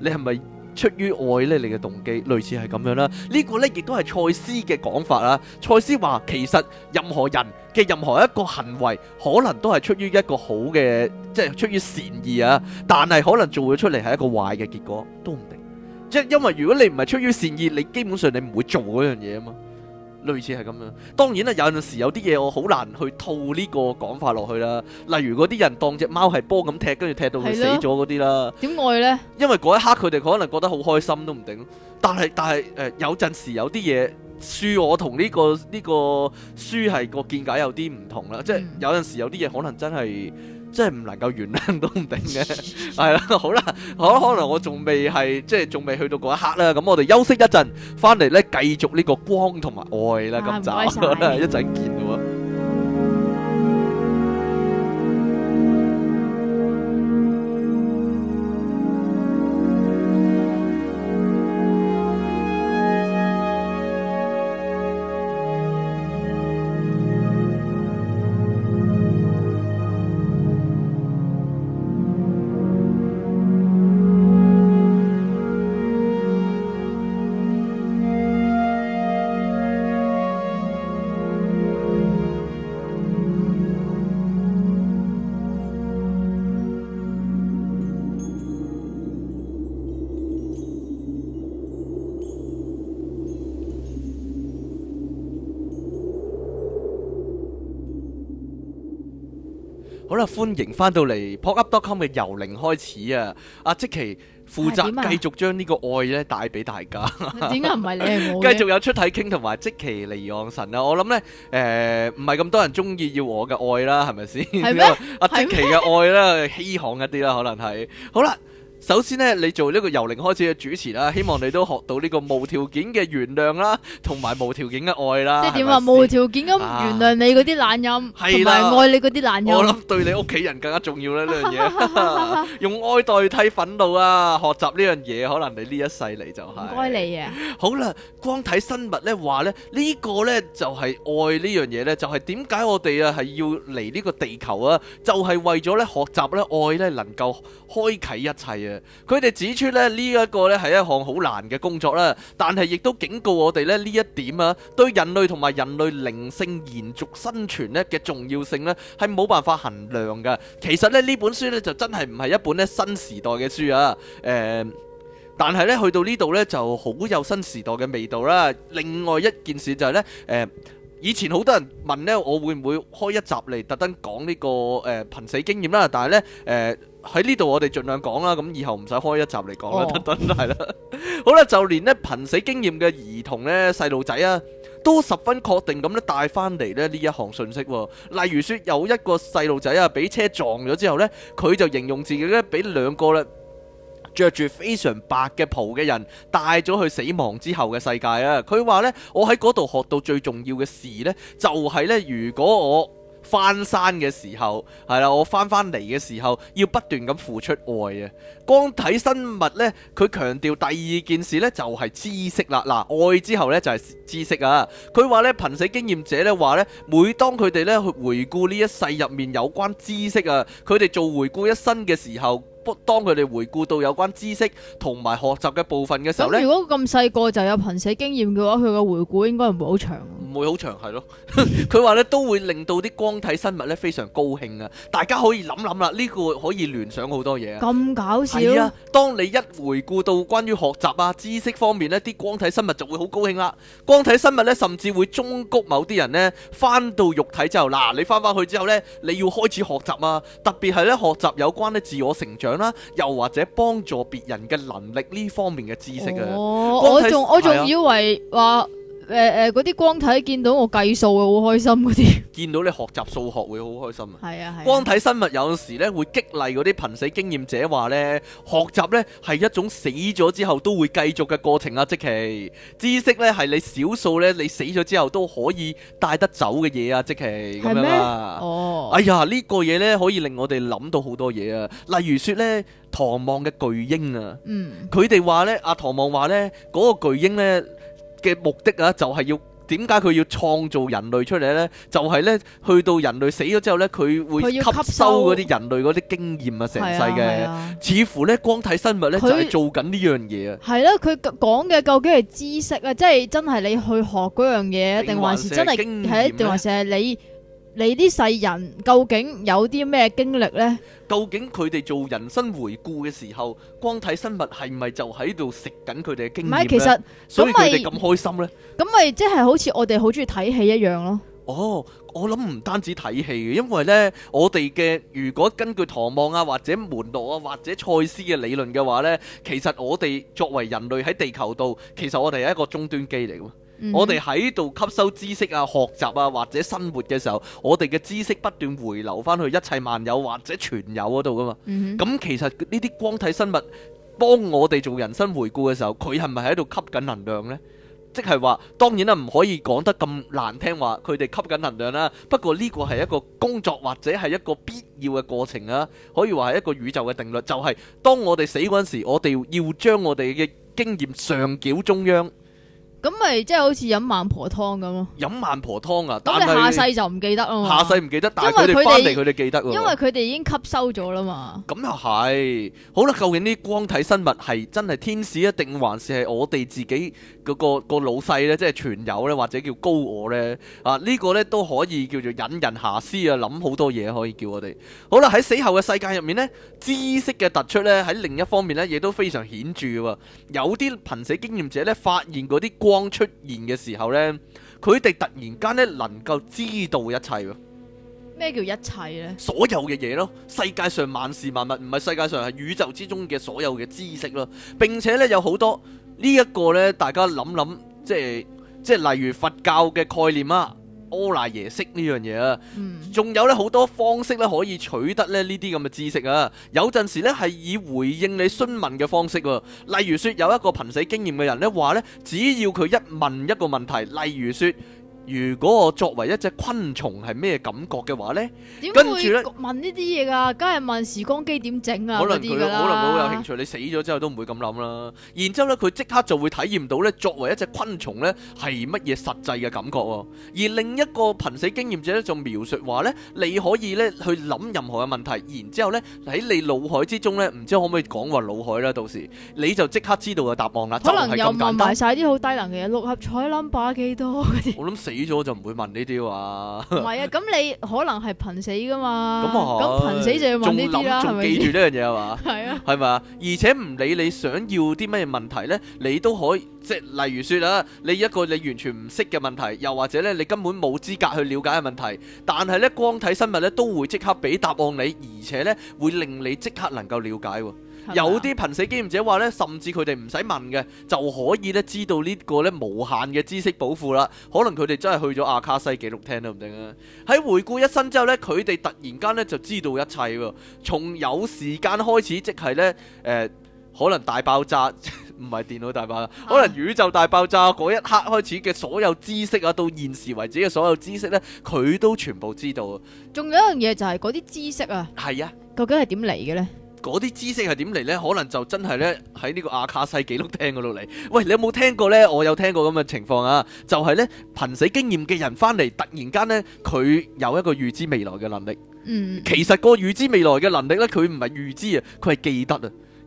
你係咪？出於愛咧，你嘅動機類似係咁樣啦。呢個呢亦都係蔡司嘅講法啦。蔡司話，其實任何人嘅任何一個行為，可能都係出於一個好嘅，即係出於善意啊。但係可能做咗出嚟係一個壞嘅結果，都唔定。即係因為如果你唔係出於善意，你基本上你唔會做嗰樣嘢啊嘛。類似係咁樣，當然啦，有陣時有啲嘢我好難去套呢個講法落去啦。例如嗰啲人當隻貓係波咁踢，跟住踢到佢死咗嗰啲啦。點愛呢？因為嗰一刻佢哋可能覺得好開心都唔定。但係但係誒、呃，有陣時有啲嘢書我、呢個，我同呢個呢個書係個見解有啲唔同啦。嗯、即係有陣時有啲嘢可能真係。即係唔能夠原諒都唔定嘅，係啦， 好啦，好啦，可可能我仲未係即係仲未去到嗰一刻啦，咁我哋休息一陣，翻嚟咧繼續呢個光同埋愛啦，咁就一陣見喎。歡迎翻到嚟 Pop Up.com 嘅由零開始啊！阿、啊、積奇負責繼續將呢個愛咧帶俾大家、啊。點解唔係你？繼 續有出體傾同埋積奇離岸神啊！我諗咧誒，唔係咁多人中意要我嘅愛啦，係咪先？係咩？阿積奇嘅愛咧稀罕一啲啦，可能係。好啦。首先咧，你做呢個由零開始嘅主持啦，希望你都學到呢個無條件嘅原諒啦，同埋無條件嘅愛啦。即係點話無條件噉原諒你嗰啲懶音，同埋愛你嗰啲懶音。我諗對你屋企人更加重要啦呢樣嘢，用愛代替憤怒啊！學習呢樣嘢，可能你呢一世嚟就係。唔該你啊。好啦，光睇生物咧，話咧呢個咧就係愛呢樣嘢咧，就係點解我哋啊係要嚟呢個地球啊，就係為咗咧學習咧愛咧，能夠開啟一切啊！佢哋指出呢，呢一個呢係一項好難嘅工作啦，但係亦都警告我哋呢，呢一點啊，對人類同埋人類靈性延續生存呢嘅重要性呢係冇辦法衡量㗎。其實呢，呢本書呢，就真係唔係一本呢新時代嘅書啊，誒、呃，但係呢，去到呢度呢，就好有新時代嘅味道啦。另外一件事就係、是、呢，誒、呃，以前好多人問呢，我會唔會開一集嚟特登講呢個誒瀕死經驗啦？但係呢。誒、呃。喺呢度我哋盡量講啦，咁以後唔使開一集嚟講啦，等等係啦， 好啦，就連呢瀕死經驗嘅兒童呢，細路仔啊，都十分確定咁呢帶翻嚟呢呢一項信息啊，例如說有一個細路仔啊俾車撞咗之後呢，佢就形容自己呢，俾兩個咧着住非常白嘅袍嘅人帶咗去死亡之後嘅世界啊，佢話呢，我喺嗰度學到最重要嘅事呢，就係呢：如果我。翻山嘅時候，係啦，我翻翻嚟嘅時候要不斷咁付出愛啊！光體生物呢，佢強調第二件事呢就係知識啦。嗱，愛之後呢，就係知識啊！佢話呢，瀕死經驗者呢話呢，每當佢哋呢去回顧呢一世入面有關知識啊，佢哋做回顧一生嘅時候。不，當佢哋回顧到有關知識同埋學習嘅部分嘅時候呢，如果咁細個就有瀕死經驗嘅話，佢嘅回顧應該唔會好長。唔會好長係咯，佢話咧都會令到啲光體生物咧非常高興啊！大家可以諗諗啦，呢、呢個可以聯想好多嘢咁搞笑啊！當你一回顧到關於學習啊知識方面呢啲光體生物就會好高興啦、啊。光體生物咧甚至會忠告某啲人咧返到肉體之後，嗱、啊、你返返去之後呢，你要開始學習啊！特別係呢學習有關咧自我成長。啦，又或者幫助別人嘅能力呢方面嘅知識啊！我仲我仲以為話。誒誒，嗰啲、呃呃、光睇見到我計數會好開心嗰啲，見到你學習數學會好開心啊。係啊係。啊，光睇生物有時咧會激勵嗰啲瀕死經驗者話咧，學習咧係一種死咗之後都會繼續嘅過程啊。即係知識咧係你少數咧，你死咗之後都可以帶得走嘅嘢啊。即係咁樣啦，啊。哦。哎呀，這個，呢個嘢咧可以令我哋諗到好多嘢啊。例如說咧，唐望嘅巨嬰啊。嗯。佢哋話咧，阿，啊、唐望話咧，嗰、嗰個巨嬰咧。那個嘅目的啊，就係要點解佢要創造人類出嚟咧？就係、是、咧，去到人類死咗之後咧，佢會吸收嗰啲人類嗰啲經驗、經驗啊，成世嘅，似乎咧光體生物咧就係做緊呢樣嘢啊！係咯，佢講嘅究竟係知識啊，即係真係你去學嗰樣嘢，定還是真係係經驗？定還是係你？你啲世人究竟有啲咩經歷呢？究竟佢哋做人生回顧嘅時候，光睇生物係咪就喺度食緊佢哋嘅經歷？唔係，其實，所以你哋咁開心呢？咁咪即係好似我哋好中意睇戲一樣咯，哦？哦，我諗唔單止睇戲嘅，因為呢，我哋嘅如果根據唐望啊，或者門羅啊，或者賽斯嘅理論嘅話呢，其實我哋作為人類喺地球度，其實我哋係一個終端機嚟 我哋喺度吸收知識啊、學習啊或者生活嘅時候，我哋嘅知識不斷回流返去一切萬有或者全有嗰度㗎嘛。咁 其實呢啲光體生物幫我哋做人生回顧嘅時候，佢係咪喺度吸緊能量呢？即係話，當然啦，唔可以講得咁難聽話，佢哋吸緊能量啦、啊。不過呢個係一個工作或者係一個必要嘅過程啊，可以話係一個宇宙嘅定律，就係、是、當我哋死嗰陣時，我哋要將我哋嘅經驗上繳中央。咁咪即係好似飲孟婆湯咁咯？飲孟婆湯啊！但係下世就唔記得咯，下世唔記得，但係佢哋翻嚟，佢哋記得，因為佢哋已經吸收咗啦嘛。咁又係，好啦。究竟啲光體生物係真係天使，啊定還是係我哋自己、嗰個、嗰個老細咧？即係存有咧，或者叫高我咧啊？呢個、呢個咧都可以叫做引人遐思啊！諗好多嘢，可以叫我哋。好啦，喺死後嘅世界入面咧，知識嘅突出咧喺另一方面咧，亦都非常顯著喎、啊。有啲瀕死經驗者咧，發現嗰啲光出現嘅時候呢，佢哋突然間呢能夠知道一切，咩叫一切呢？所有嘅嘢咯，世界上萬事萬物唔係世界上係宇宙之中嘅所有嘅知識咯，並且呢，有好多呢一個呢，大家諗諗，即係即係例如佛教嘅概念啊。柯乃爺識呢樣嘢啊，仲有咧好多方式咧可以取得咧呢啲咁嘅知識啊，有陣時咧係以回應你詢問嘅方式，例如說有一個瀕死經驗嘅人咧話咧，只要佢一問一個問題，例如說。如果我作為一隻昆蟲係咩感覺嘅話咧，點跟住咧問呢啲嘢㗎？梗係問時光機點整啊，可能佢可能會好有興趣。啊、你死咗之後都唔會咁諗啦。然之後咧，佢即刻就會體驗到咧，作為一隻昆蟲咧係乜嘢實際嘅感覺喎。而另一個憑死經驗者咧就描述話咧，你可以咧去諗任何嘅問題，然之後咧喺你腦海之中咧，唔知可唔可以講話腦海啦？到時你就即刻知道嘅答案啦。可能又問埋晒啲好低能嘅嘢，六合彩 number 幾多我諗死。咁我就唔會問呢啲話，唔係啊，咁你可能係瀕死噶嘛，咁瀕死就要問呢啲啦，係咪先？仲記住呢樣嘢係嘛？係啊，係咪啊？而且唔理你想要啲咩問題咧，你都可以即係例如説啦，你一個你完全唔識嘅問題，又或者咧你根本冇資格去了解嘅問題，但係咧光睇新聞咧都會即刻俾答案你，而且咧會令你即刻能夠了解。有啲瀕死經驗者話咧，甚至佢哋唔使問嘅，就可以咧知道呢個咧無限嘅知識寶庫啦。可能佢哋真係去咗阿卡西記錄廳都唔定啦。喺回顧一生之後呢，佢哋突然間咧就知道一切。從有時間開始，即係呢，誒、呃，可能大爆炸唔係 電腦大爆炸，啊、可能宇宙大爆炸嗰一刻開始嘅所有知識啊，到現時為止嘅所有知識呢，佢都全部知道。仲有一樣嘢就係嗰啲知識啊，係是啊，究竟係點嚟嘅呢？嗰啲知識係點嚟呢？可能就真係呢，喺呢個亞卡西紀錄廳嗰度嚟。喂，你有冇聽過呢？我有聽過咁嘅情況啊！就係、是、呢，憑死經驗嘅人翻嚟，突然間呢，佢有一個預知未來嘅能力。嗯、其實個預知未來嘅能力呢，佢唔係預知啊，佢係記得啊。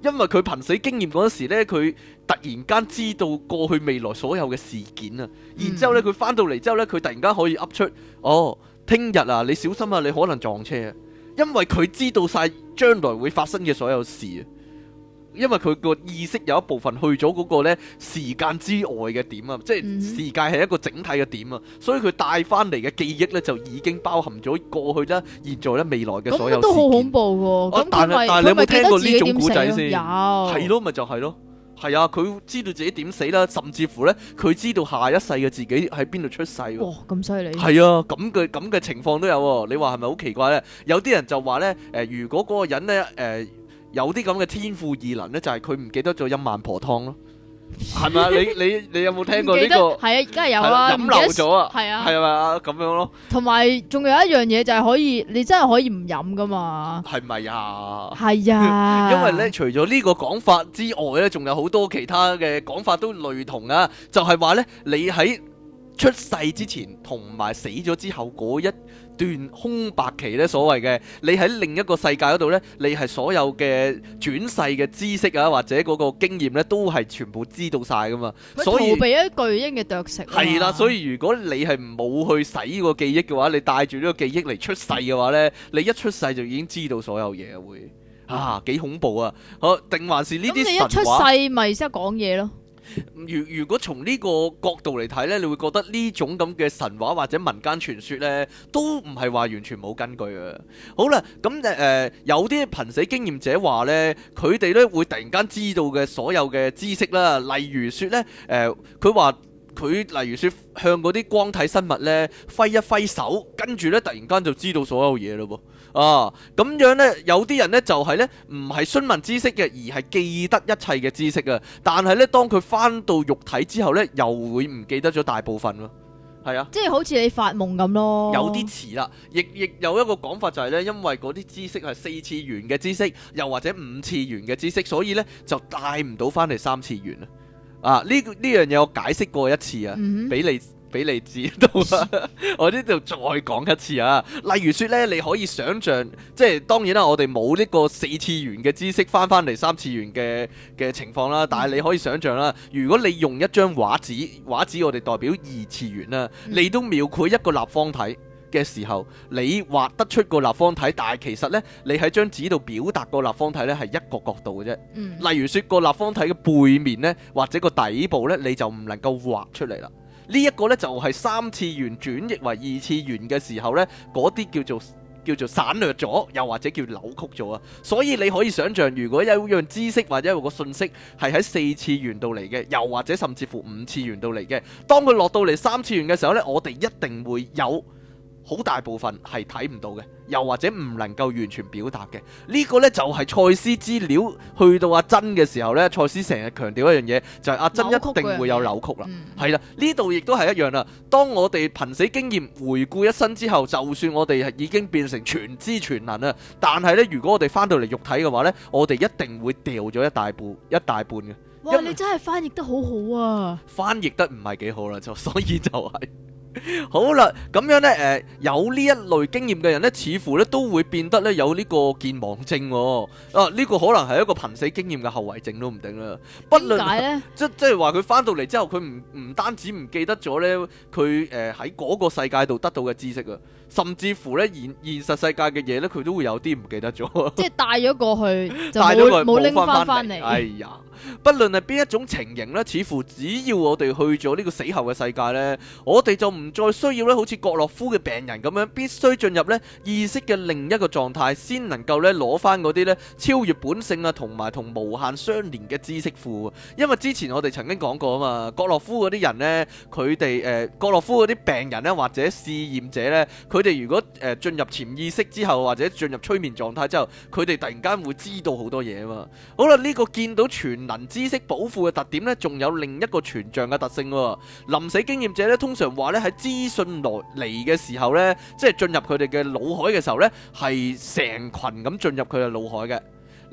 因為佢憑死經驗嗰陣時咧，佢突然間知道過去未來所有嘅事件啊。然後、嗯、之後呢，佢翻到嚟之後呢，佢突然間可以噏出，哦，聽日啊，你小心啊，你可能撞車啊！因為佢知道晒將來會發生嘅所有事啊，因為佢個意識有一部分去咗嗰個咧時間之外嘅點啊，即係時間係一個整體嘅點啊，所以佢帶翻嚟嘅記憶呢，就已經包含咗過去啦、現在啦、未來嘅所有事。咁都好恐怖㗎，啊、但係你有冇聽過呢種古仔先？有，係咯，咪就係、是、咯。係啊，佢知道自己點死啦，甚至乎呢，佢知道下一世嘅自己喺邊度出世喎。哇，咁犀利！係啊，咁嘅咁嘅情況都有，你話係咪好奇怪呢？有啲人就話呢，誒、呃，如果嗰個人呢，誒、呃，有啲咁嘅天賦異能呢，就係佢唔記得咗飲孟婆湯咯。係咪？你你你有冇聽過呢個？係啊，而家有啦，飲漏咗啊，係啊，係咪啊咁樣咯？同埋仲有一樣嘢就係可以，你真係可以唔飲噶嘛？係咪啊？係啊， 因為咧除咗呢個講法之外咧，仲有好多其他嘅講法都類同啊，就係話咧你喺出世之前同埋死咗之後嗰一。段空白期呢，所謂嘅你喺另一個世界嗰度呢，你係所有嘅轉世嘅知識啊，或者嗰個經驗呢，都係全部知道晒噶嘛。逃避一巨鷹嘅啄食。係啦，所以如果你係冇去洗呢個記憶嘅話，你帶住呢個記憶嚟出世嘅話呢，你一出世就已經知道所有嘢，會、嗯、啊幾恐怖啊！好定還是呢啲神話？你一出世咪識講嘢咯。如如果從呢個角度嚟睇呢，你會覺得呢種咁嘅神話或者民間傳說呢，都唔係話完全冇根據啊。好啦，咁誒、呃，有啲瀕死經驗者話呢，佢哋呢會突然間知道嘅所有嘅知識啦，例如說呢，誒、呃，佢話佢，例如說向嗰啲光體生物呢揮一揮手，跟住呢突然間就知道所有嘢咯噃。啊，咁樣呢，有啲人呢就係呢，唔係詢問知識嘅，而係記得一切嘅知識啊。但係呢，當佢翻到肉體之後呢，又會唔記得咗大部分，啊、咯。係啊，即係好似你發夢咁咯。有啲遲啦，亦亦有一個講法就係呢，因為嗰啲知識係四次元嘅知識，又或者五次元嘅知識，所以呢，就帶唔到翻嚟三次元啊。啊，呢呢樣嘢我解釋過一次啊，俾、嗯、你。俾你指到啦， 我呢度再講一次啊。例如說呢，你可以想象，即係當然啦，我哋冇呢個四次元嘅知識翻翻嚟三次元嘅嘅情況啦。但係你可以想象啦，如果你用一張畫紙，畫紙我哋代表二次元啦，你都描繪一個立方體嘅時候，你畫得出個立方體，但係其實呢，你喺張紙度表達個立方體呢，係一個角度嘅啫。例如說個立方體嘅背面呢，或者個底部呢，你就唔能夠畫出嚟啦。呢一個呢，就係三次元轉譯為二次元嘅時候呢，嗰啲叫做叫做省略咗，又或者叫扭曲咗啊！所以你可以想象，如果有樣知識或者有個信息係喺四次元度嚟嘅，又或者甚至乎五次元度嚟嘅，當佢落到嚟三次元嘅時候呢，我哋一定會有。好大部分係睇唔到嘅，又或者唔能夠完全表達嘅呢個呢，就係、是、蔡司資料去到阿珍嘅時候呢，蔡司成日強調一樣嘢就係、是、阿珍一定會有扭曲啦，係啦，呢度亦都係一樣啦。當我哋瀕死經驗回顧一生之後，就算我哋係已經變成全知全能啦，但係呢，如果我哋翻到嚟肉體嘅話呢，我哋一定會掉咗一,一大半一大半嘅。哇！因為 你真係翻譯得好好啊！翻譯得唔係幾好啦，就所以就係。 好啦，咁樣呢，誒、呃，有呢一類經驗嘅人呢，似乎呢都會變得呢有呢個健忘症、哦，啊，呢、這個可能係一個瀕死經驗嘅後遺症都唔定啦。不論，點解咧？即即係話佢翻到嚟之後，佢唔唔單止唔記得咗呢，佢誒喺嗰個世界度得到嘅知識啊。甚至乎咧現現實世界嘅嘢咧，佢都會有啲唔記得咗。即係帶咗過去，就冇冇拎翻翻嚟。 哎呀，不論係邊一種情形咧，似乎只要我哋去咗呢個死後嘅世界咧，我哋就唔再需要咧，好似葛洛夫嘅病人咁樣，必須進入咧意識嘅另一個狀態，先能夠咧攞翻嗰啲咧超越本性啊，同埋同無限相連嘅知識庫。因為之前我哋曾經講過啊嘛，葛洛夫嗰啲人咧，佢哋誒葛洛夫嗰啲病人咧或者試驗者咧，佢。佢哋如果誒、呃、進入潛意識之後，或者進入催眠狀態之後，佢哋突然間會知道好多嘢啊嘛！好啦，呢、這個見到全能知識寶庫嘅特點呢，仲有另一個全像嘅特性喎、哦。臨死經驗者呢，通常話呢，喺資訊來嚟嘅時候呢，即係進入佢哋嘅腦海嘅時候呢，係成群咁進入佢嘅腦海嘅。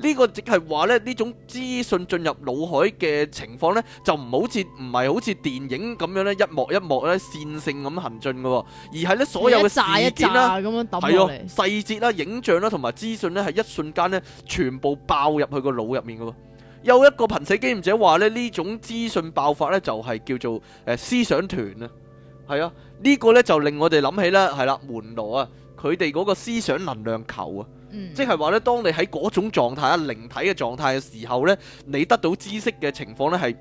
個呢個即係話咧，呢種資訊進入腦海嘅情況呢，就唔好似唔係好似電影咁樣咧，一幕一幕咧線性咁行進嘅，而係呢所有嘅事件啦，咁樣抌落嚟，細節啦、影像啦同埋資訊呢，係一瞬間咧全部爆入去個腦入面嘅。有一個瀕死經驗者話咧，呢種資訊爆發呢，就係、是、叫做誒、呃、思想團啊，係啊，呢、這個呢，就令我哋諗起啦，係啦，門羅啊，佢哋嗰個思想能量球啊。即係話咧，當你喺嗰種狀態啊、靈體嘅狀態嘅時候咧，你得到知識嘅情況咧係，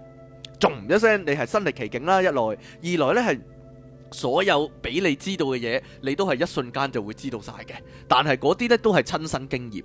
噹一聲你係身歷其境啦，一來二來呢，係所有俾你知道嘅嘢，你都係一瞬間就會知道晒嘅。但係嗰啲呢，都係親身經驗。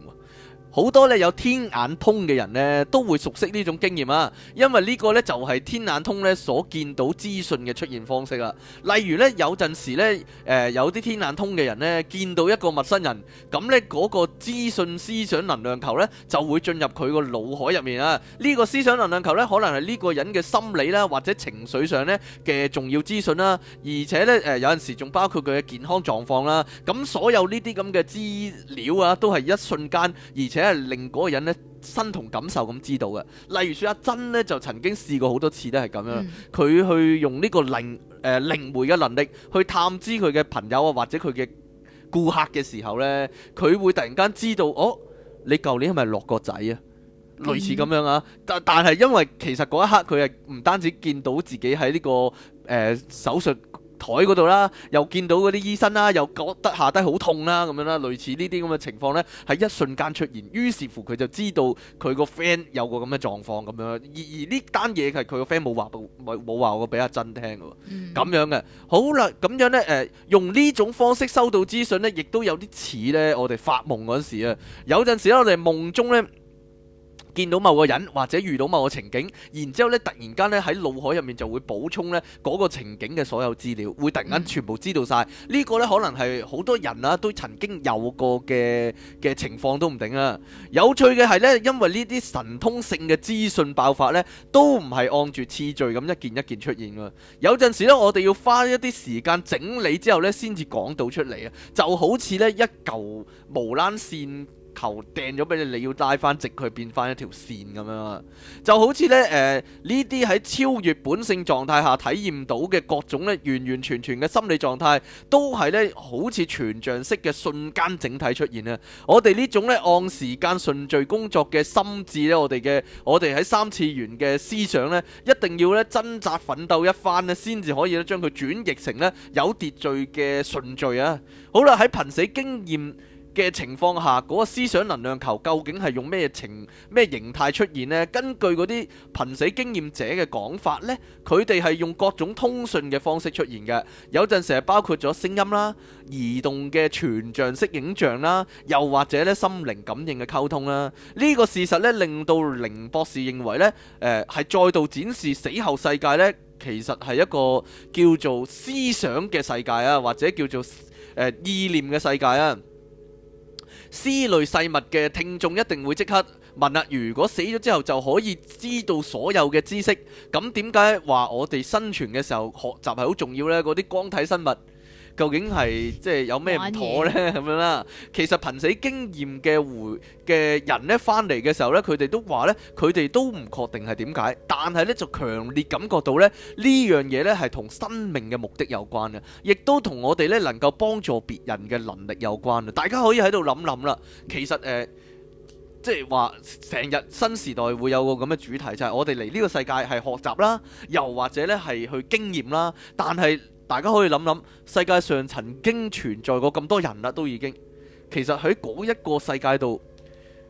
好多咧有天眼通嘅人咧，都會熟悉呢種經驗啊，因為呢個咧就係天眼通咧所見到資訊嘅出現方式啊。例如咧有陣時咧，誒有啲天眼通嘅人咧見到一個陌生人，咁咧嗰個資訊思想能量球咧就會進入佢個腦海入面啊。呢個思想能量球咧可能係呢個人嘅心理啦，或者情緒上咧嘅重要資訊啦，而且咧誒有陣時仲包括佢嘅健康狀況啦。咁所有呢啲咁嘅資料啊，都係一瞬間而且。係令嗰個人呢身同感受咁知道嘅，例如說阿珍呢就曾經試過好多次都係咁樣，佢、嗯、去用呢個靈誒靈媒嘅能力去探知佢嘅朋友啊或者佢嘅顧客嘅時候呢，佢會突然間知道哦，你舊年係咪落個仔啊？嗯、類似咁樣啊，但但係因為其實嗰一刻佢係唔單止見到自己喺呢、這個誒、呃、手術。台嗰度啦，又見到嗰啲醫生啦，又覺得下低好痛啦咁樣啦，類似呢啲咁嘅情況呢，喺一瞬間出現，於是乎佢就知道佢個 friend 有個咁嘅狀況咁樣。而而呢單嘢係佢個 friend 冇話冇冇話過俾阿珍聽嘅喎，咁樣嘅。好啦，咁樣呢，誒、呃，用呢種方式收到資訊呢，亦都有啲似呢，我哋發夢嗰時啊，有陣時咧我哋夢中呢，見到某個人或者遇到某個情景，然之後咧突然間咧喺腦海入面就會補充咧嗰、那個情景嘅所有資料，會突然間全部知道晒。嗯、個呢個咧可能係好多人啦、啊、都曾經有過嘅嘅情況都唔定啊。有趣嘅係咧，因為呢啲神通性嘅資訊爆發咧，都唔係按住次序咁一件一件出現㗎。有陣時咧，我哋要花一啲時間整理之後咧，先至講到出嚟啊。就好似咧一嚿無攣線。球掟咗俾你，你要拉翻直佢，變翻一條線咁樣啊。就好似咧，誒呢啲喺超越本性狀態下體驗到嘅各種咧，完完全全嘅心理狀態，都係呢好似全像式嘅瞬間整體出現啊！我哋呢種呢按時間順序工作嘅心智呢，我哋嘅我哋喺三次元嘅思想呢，一定要呢掙扎奮鬥一番呢，先至可以咧將佢轉譯成呢有秩序嘅順序啊！好啦，喺瀕死經驗。嘅情況下，嗰、那個思想能量球究竟係用咩情咩形態出現呢？根據嗰啲瀕死經驗者嘅講法呢，佢哋係用各種通訊嘅方式出現嘅。有陣時係包括咗聲音啦、移動嘅全像式影像啦，又或者呢心靈感應嘅溝通啦。呢、這個事實呢，令到零博士認為呢誒係、呃、再度展示死後世界呢，其實係一個叫做思想嘅世界啊，或者叫做誒、呃、意念嘅世界啊。屍類細物嘅聽眾一定會即刻問啊！如果死咗之後就可以知道所有嘅知識，咁點解話我哋生存嘅時候學習係好重要呢？嗰啲光體生物。究竟係即係有咩唔妥咧？咁樣啦，其實瀕死經驗嘅回嘅人咧，翻嚟嘅時候咧，佢哋都話咧，佢哋都唔確定係點解，但係咧就強烈感覺到咧呢樣嘢咧係同生命嘅目的有關嘅，亦都同我哋咧能夠幫助別人嘅能力有關嘅。大家可以喺度諗諗啦。其實誒，即係話成日新時代會有個咁嘅主題，就係我哋嚟呢個世界係學習啦，又或者咧係去經驗啦，但係。大家可以諗諗，世界上曾經存在過咁多人啦，都已經，其實喺嗰一個世界度，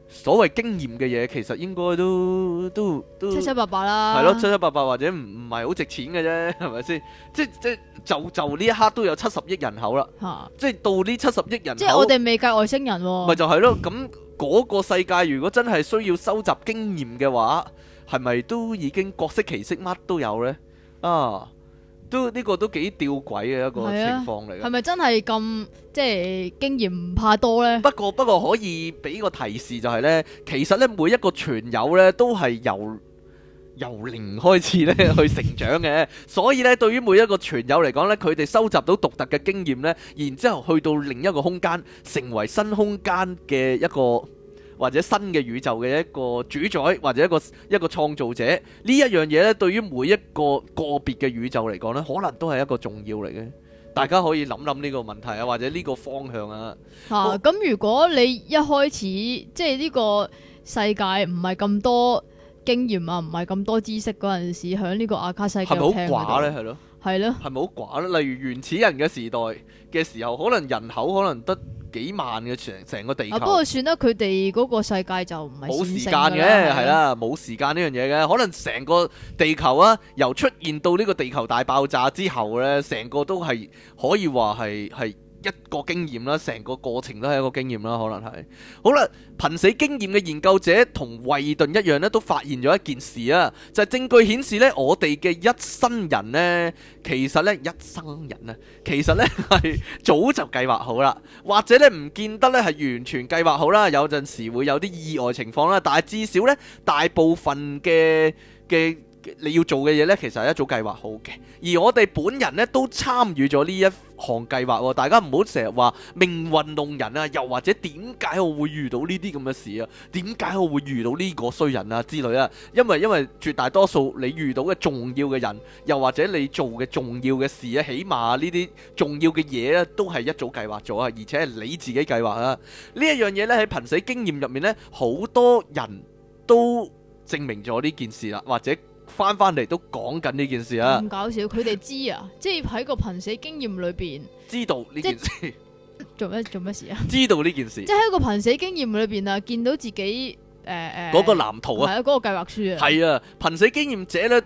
所謂經驗嘅嘢，其實應該都都都七七八八啦，係咯，七七八八或者唔唔係好值錢嘅啫，係咪先？即即就就呢一刻都有七十億人口啦，吓、啊，即到呢七十億人口，即我哋未計外星人、哦，咪就係咯。咁嗰 個世界如果真係需要收集經驗嘅話，係咪都已經各色其色，乜都有呢？啊！都呢個都幾吊詭嘅一個情況嚟嘅，係咪真係咁即係經驗唔怕多咧？不過不過可以俾個提示就係咧，其實咧每一個全友咧都係由由零開始咧去成長嘅，所以咧對於每一個全友嚟講咧，佢哋收集到獨特嘅經驗咧，然之後去到另一個空間，成為新空間嘅一個。或者新嘅宇宙嘅一個主宰或者一個一個創造者呢一樣嘢咧，對於每一個個別嘅宇宙嚟講咧，可能都係一個重要嚟嘅。大家可以諗諗呢個問題啊，或者呢個方向啊。吓、嗯，咁我、啊、如果你一開始即係呢個世界唔係咁多經驗啊，唔係咁多知識嗰陣時，喺呢個阿卡西係咪好寡咧？係咯的，係咯的，係咪好寡咧？例的的如原始人嘅時代嘅時候，可能人口可能得。幾萬嘅成成個地球，不過、啊、算啦，佢哋嗰個世界就唔係冇時間嘅，係啦吧，冇、啊、時間呢樣嘢嘅，可能成個地球啊，由出現到呢個地球大爆炸之後咧，成個都係可以話係係。一個經驗啦，成個過程都係一個經驗啦，可能係好啦。瀕死經驗嘅研究者同惠頓一樣呢，都發現咗一件事啊，就係、是、證據顯示呢，我哋嘅一生人呢，其實呢，一生人啊，其實呢，係 早就計劃好啦，或者呢，唔見得呢，係完全計劃好啦，有陣時會有啲意外情況啦，但係至少呢，大部分嘅嘅。你要做嘅嘢呢，其實係一早計劃好嘅。而我哋本人呢，都參與咗呢一項計劃喎、哦。大家唔好成日話命運弄人啊，又或者點解我會遇到呢啲咁嘅事啊？點解我會遇到呢個衰人啊之類啊？因為因為絕大多數你遇到嘅重要嘅人，又或者你做嘅重要嘅事啊，起碼呢啲重要嘅嘢咧，都係一早計劃咗啊，而且係你自己計劃啊。呢一樣嘢呢，喺瀕死經驗入面呢，好多人都證明咗呢件事啦，或者。翻翻嚟都講緊呢件事啊！咁搞笑，佢哋知啊，即係喺個瀕死經驗裏邊 知道呢件事，做咩做咩事啊？知道呢件事，即係喺個瀕死經驗裏邊啊，見到自己誒誒嗰個藍圖啊，係啊，嗰個計劃書啊，係啊！瀕死經驗者咧，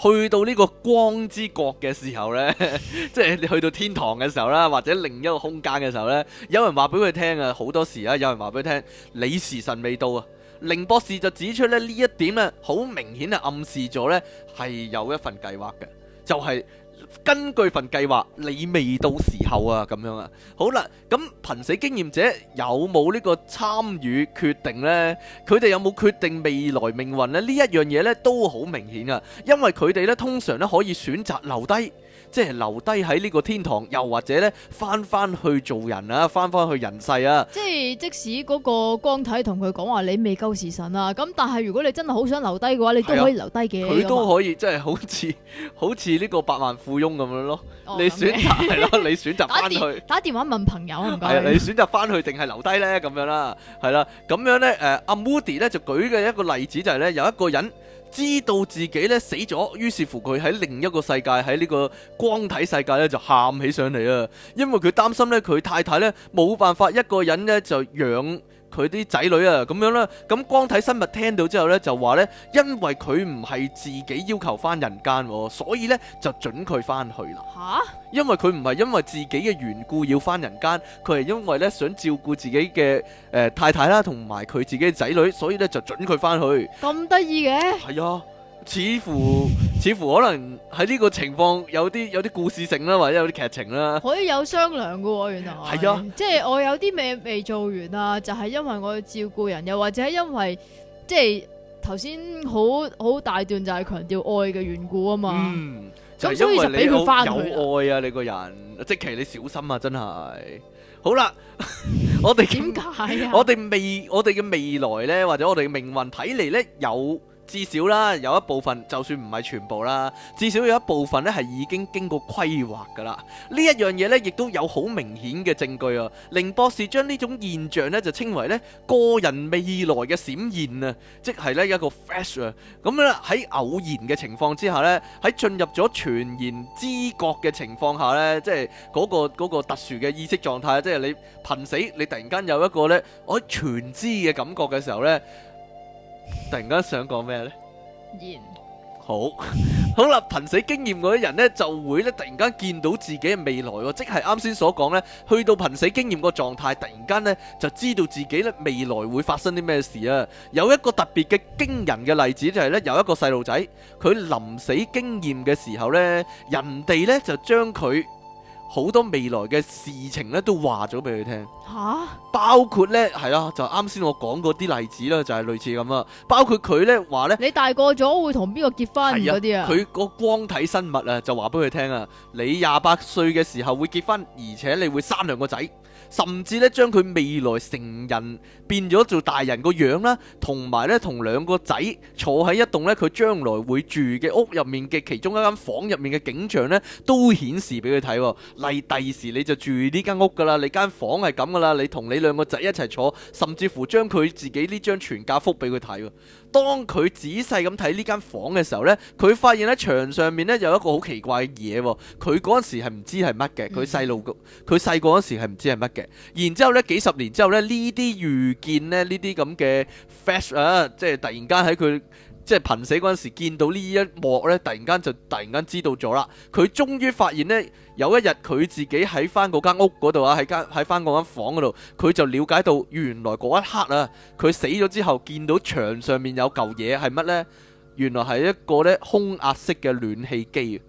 去到呢個光之國嘅時候咧，即係你去到天堂嘅時候啦，或者另一個空間嘅時候咧，有人話俾佢聽啊，好多時啊，有人話俾佢聽，你時辰未到啊！凌博士就指出咧呢一點咧，好明顯係暗示咗咧係有一份計劃嘅，就係、是、根據份計劃，你未到時候啊咁樣啊。好啦，咁瀕死經驗者有冇呢個參與決定呢？佢哋有冇決定未來命運呢？呢一樣嘢呢都好明顯啊，因為佢哋呢通常呢，可以選擇留低。即係留低喺呢個天堂，又或者咧翻翻去做人啊，翻翻去人世啊。即係即使嗰個光體同佢講話你未夠時辰啊，咁但係如果你真係好想留低嘅話，你都可以留低嘅。佢都可以即係麼好似好似呢個百萬富翁咁樣咯，你選擇咯，你選擇翻去。打電話問朋友係你， 你選擇翻去定係留低咧？咁樣啦，係啦，咁樣咧，誒阿 Moody 咧就舉嘅一個例子就係咧，有一個人。知道自己咧死咗，於是乎佢喺另一個世界，喺呢個光體世界咧就喊起上嚟喇！因為佢擔心咧，佢太太咧冇辦法一個人咧就養。佢啲仔女啊，咁樣啦，咁光睇生物聽到之後呢，就話呢，因為佢唔係自己要求翻人間，啊，所以呢，就準佢翻去啦。吓、啊？因為佢唔係因為自己嘅緣故要翻人間，佢係因為呢，想照顧自己嘅，呃、太太啦，啊，同埋佢自己嘅仔女，所以呢，就準佢翻去。咁得意嘅？係啊。似乎似乎可能喺呢個情況有啲有啲故事性啦，或者有啲劇情啦，可以有商量㗎喎、啊，原來係啊，即係我有啲嘢未，未做完啊，就係、是、因為我要照顧人，又或者係因為即係頭先好好大段就係強調愛嘅緣故啊嘛，咁所以其實俾佢翻去，有愛啊你個人，即其你小心啊真係，好啦、 啊，我哋點解啊？我哋未我哋嘅未來咧，或者我哋嘅命運睇嚟咧有。至少啦，有一部分就算唔係全部啦，至少有一部分咧係已經經過規劃噶啦。呢一樣嘢咧，亦都有好明顯嘅證據啊！凌博士將呢種現象咧就稱為咧個人未來嘅閃現啊，即係咧一個 flash 啊。咁啦，喺偶然嘅情況之下咧，喺進入咗全然知覺嘅情況下咧，即係嗰、嗰個、嗰個特殊嘅意識狀態，即係你瀕死，你突然間有一個咧我全知嘅感覺嘅時候咧。突然間想講咩呢？Yeah. 好 好啦，瀕死經驗嗰啲人呢，就會咧突然間見到自己嘅未來，即係啱先所講呢，去到瀕死經驗個狀態，突然間呢，就知道自己咧未來會發生啲咩事啊！有一個特別嘅驚人嘅例子就係呢：有一個細路仔，佢臨死經驗嘅時候呢，人哋呢就將佢。好多未來嘅事情咧都話咗俾佢聽，嚇、啊啊就是，包括咧係咯，就啱先我講嗰啲例子啦，就係類似咁啦，包括佢咧話咧，你大個咗會同邊個結婚啲啊，佢個、啊、光體生物啊就話俾佢聽啊，你廿八歲嘅時候會結婚，而且你會生兩個仔。甚至咧，將佢未來成人變咗做大人個樣啦，同埋咧，同兩個仔坐喺一棟咧，佢將來會住嘅屋入面嘅其中一間房入面嘅景象咧，都顯示俾佢睇。例，第時你就住呢間屋㗎啦，你間房係咁㗎啦，你同你兩個仔一齊坐，甚至乎將佢自己呢張全家福俾佢睇。當佢仔細咁睇呢間房嘅時候呢，佢發現喺牆上面呢有一個好奇怪嘅嘢喎。佢嗰陣時係唔知係乜嘅，佢細路佢細個嗰時係唔知係乜嘅。然之後呢幾十年之後呢，呢啲預見呢，呢啲咁嘅 flash 啊，即係突然間喺佢。即係瀕死嗰陣時，見到呢一幕咧，突然間就突然間知道咗啦。佢終於發現咧，有一日佢自己喺翻嗰間屋嗰度啊，喺間喺翻嗰間房嗰度，佢就了解到原來嗰一刻啊，佢死咗之後見到牆上面有嚿嘢係乜呢？原來係一個咧空壓式嘅暖氣機。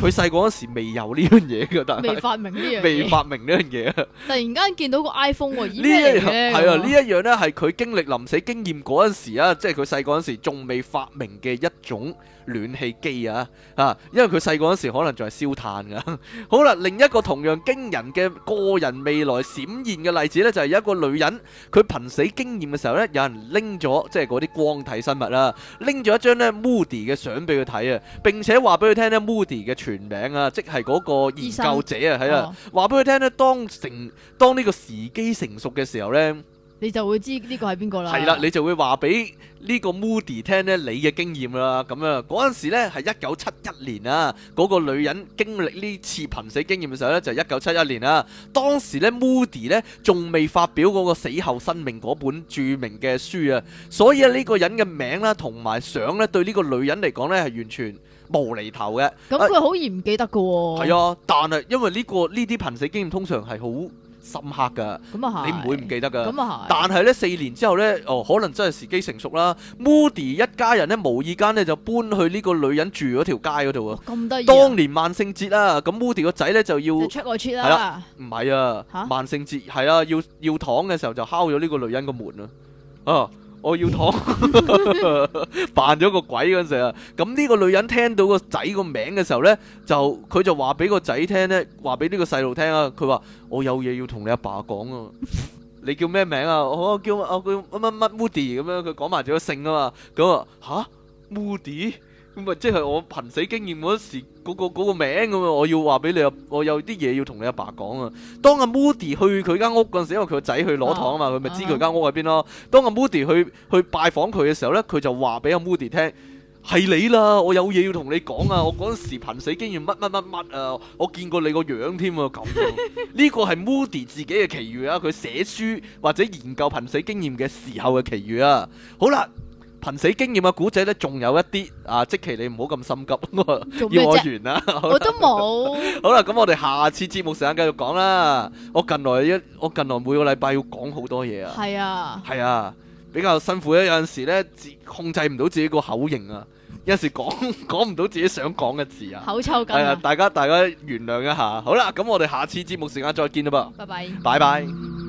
佢細個嗰時未有呢樣嘢嘅，但係未發明呢樣，未發明呢樣嘢啊！突然間見到個 iPhone，呢一樣係啊，呢一樣咧係佢經歷臨死經驗嗰陣時啊，即係佢細個嗰時仲未發明嘅一種。暖氣機啊，啊，因為佢細個嗰時可能仲係燒炭㗎。 好啦，另一個同樣驚人嘅個人未來閃現嘅例子呢，就係、是、有一個女人，佢瀕死經驗嘅時候呢，有人拎咗即係嗰啲光體生物啦、啊，拎咗一張呢 Moody 嘅相俾佢睇啊，並且話俾佢聽呢 Moody 嘅全名啊，即係嗰個研究者生啊，係啊、嗯，話俾佢聽呢，當成當呢個時機成熟嘅時候呢。你就會知呢個係邊個啦，係啦，你就會話俾呢個 Moody 聽咧，你嘅經驗啦，咁樣嗰陣時咧係一九七一年啊，嗰個女人經歷呢次瀕死經驗嘅時候呢，就一九七一年啦，當時呢 Moody 呢仲未發表嗰個死後生命嗰本著名嘅書啊，所以呢個人嘅名啦同埋相呢，對呢個女人嚟講呢係完全無厘頭嘅，咁佢好易唔記得噶喎，係啊，啊但係因為呢、呢個呢啲瀕死經驗通常係好。深刻噶，嗯、你唔會唔記得噶。嗯嗯、但係咧，四年之後咧，哦，可能真係時機成熟啦。Moody 一家人咧，無意間咧就搬去呢個女人住嗰條街嗰度、哦、啊。咁得意、當年萬聖節啊，咁 Moody 個仔咧就要 check 啦。唔係啊，萬聖節係啊，要要糖嘅時候就敲咗呢個女人個門啊。我要躺，扮咗 個鬼嗰陣啊！咁呢個女人聽到個仔個名嘅時候咧，就佢就話俾個仔聽咧，話俾呢個細路聽啊！佢話我有嘢要同你阿爸講啊！你叫咩名啊？我叫我叫乜乜乜 Moody 咁樣，佢講埋咗個姓啊嘛！咁啊，吓 Moody 唔係，即係我瀕死經驗嗰時、那個，嗰、那個個名咁啊！我要話俾你阿，我有啲嘢要同你阿爸講啊！當阿 Moody 去佢間屋嗰陣時，因為佢仔去攞糖啊嘛，佢咪知佢間屋喺邊咯。當阿 m o 穆迪去去拜訪佢嘅時候咧，佢就話俾阿 Moody 聽：係你啦，我有嘢要同你講啊！我嗰陣時瀕死經驗乜乜乜乜啊，我見過你個樣添啊！咁呢個係 d y 自己嘅奇遇啊！佢寫書或者研究瀕死經驗嘅時候嘅奇遇啊！好啦。瀕死經驗啊，古仔咧仲有一啲啊，即期你唔好咁心急， 要我完啦。我都冇。 好啦，咁我哋 下次節目時間繼續講啦。我近來一，我近來每個禮拜要講好多嘢啊。係是啊。係啊，比較辛苦咧，有陣時咧自控制唔到自己個口型啊，有時講講唔到自己想講嘅字啊。口臭緊、啊。係啊，大家大家原諒一下。好啦，咁我哋下次節目時間再見啦噃。拜拜。拜拜。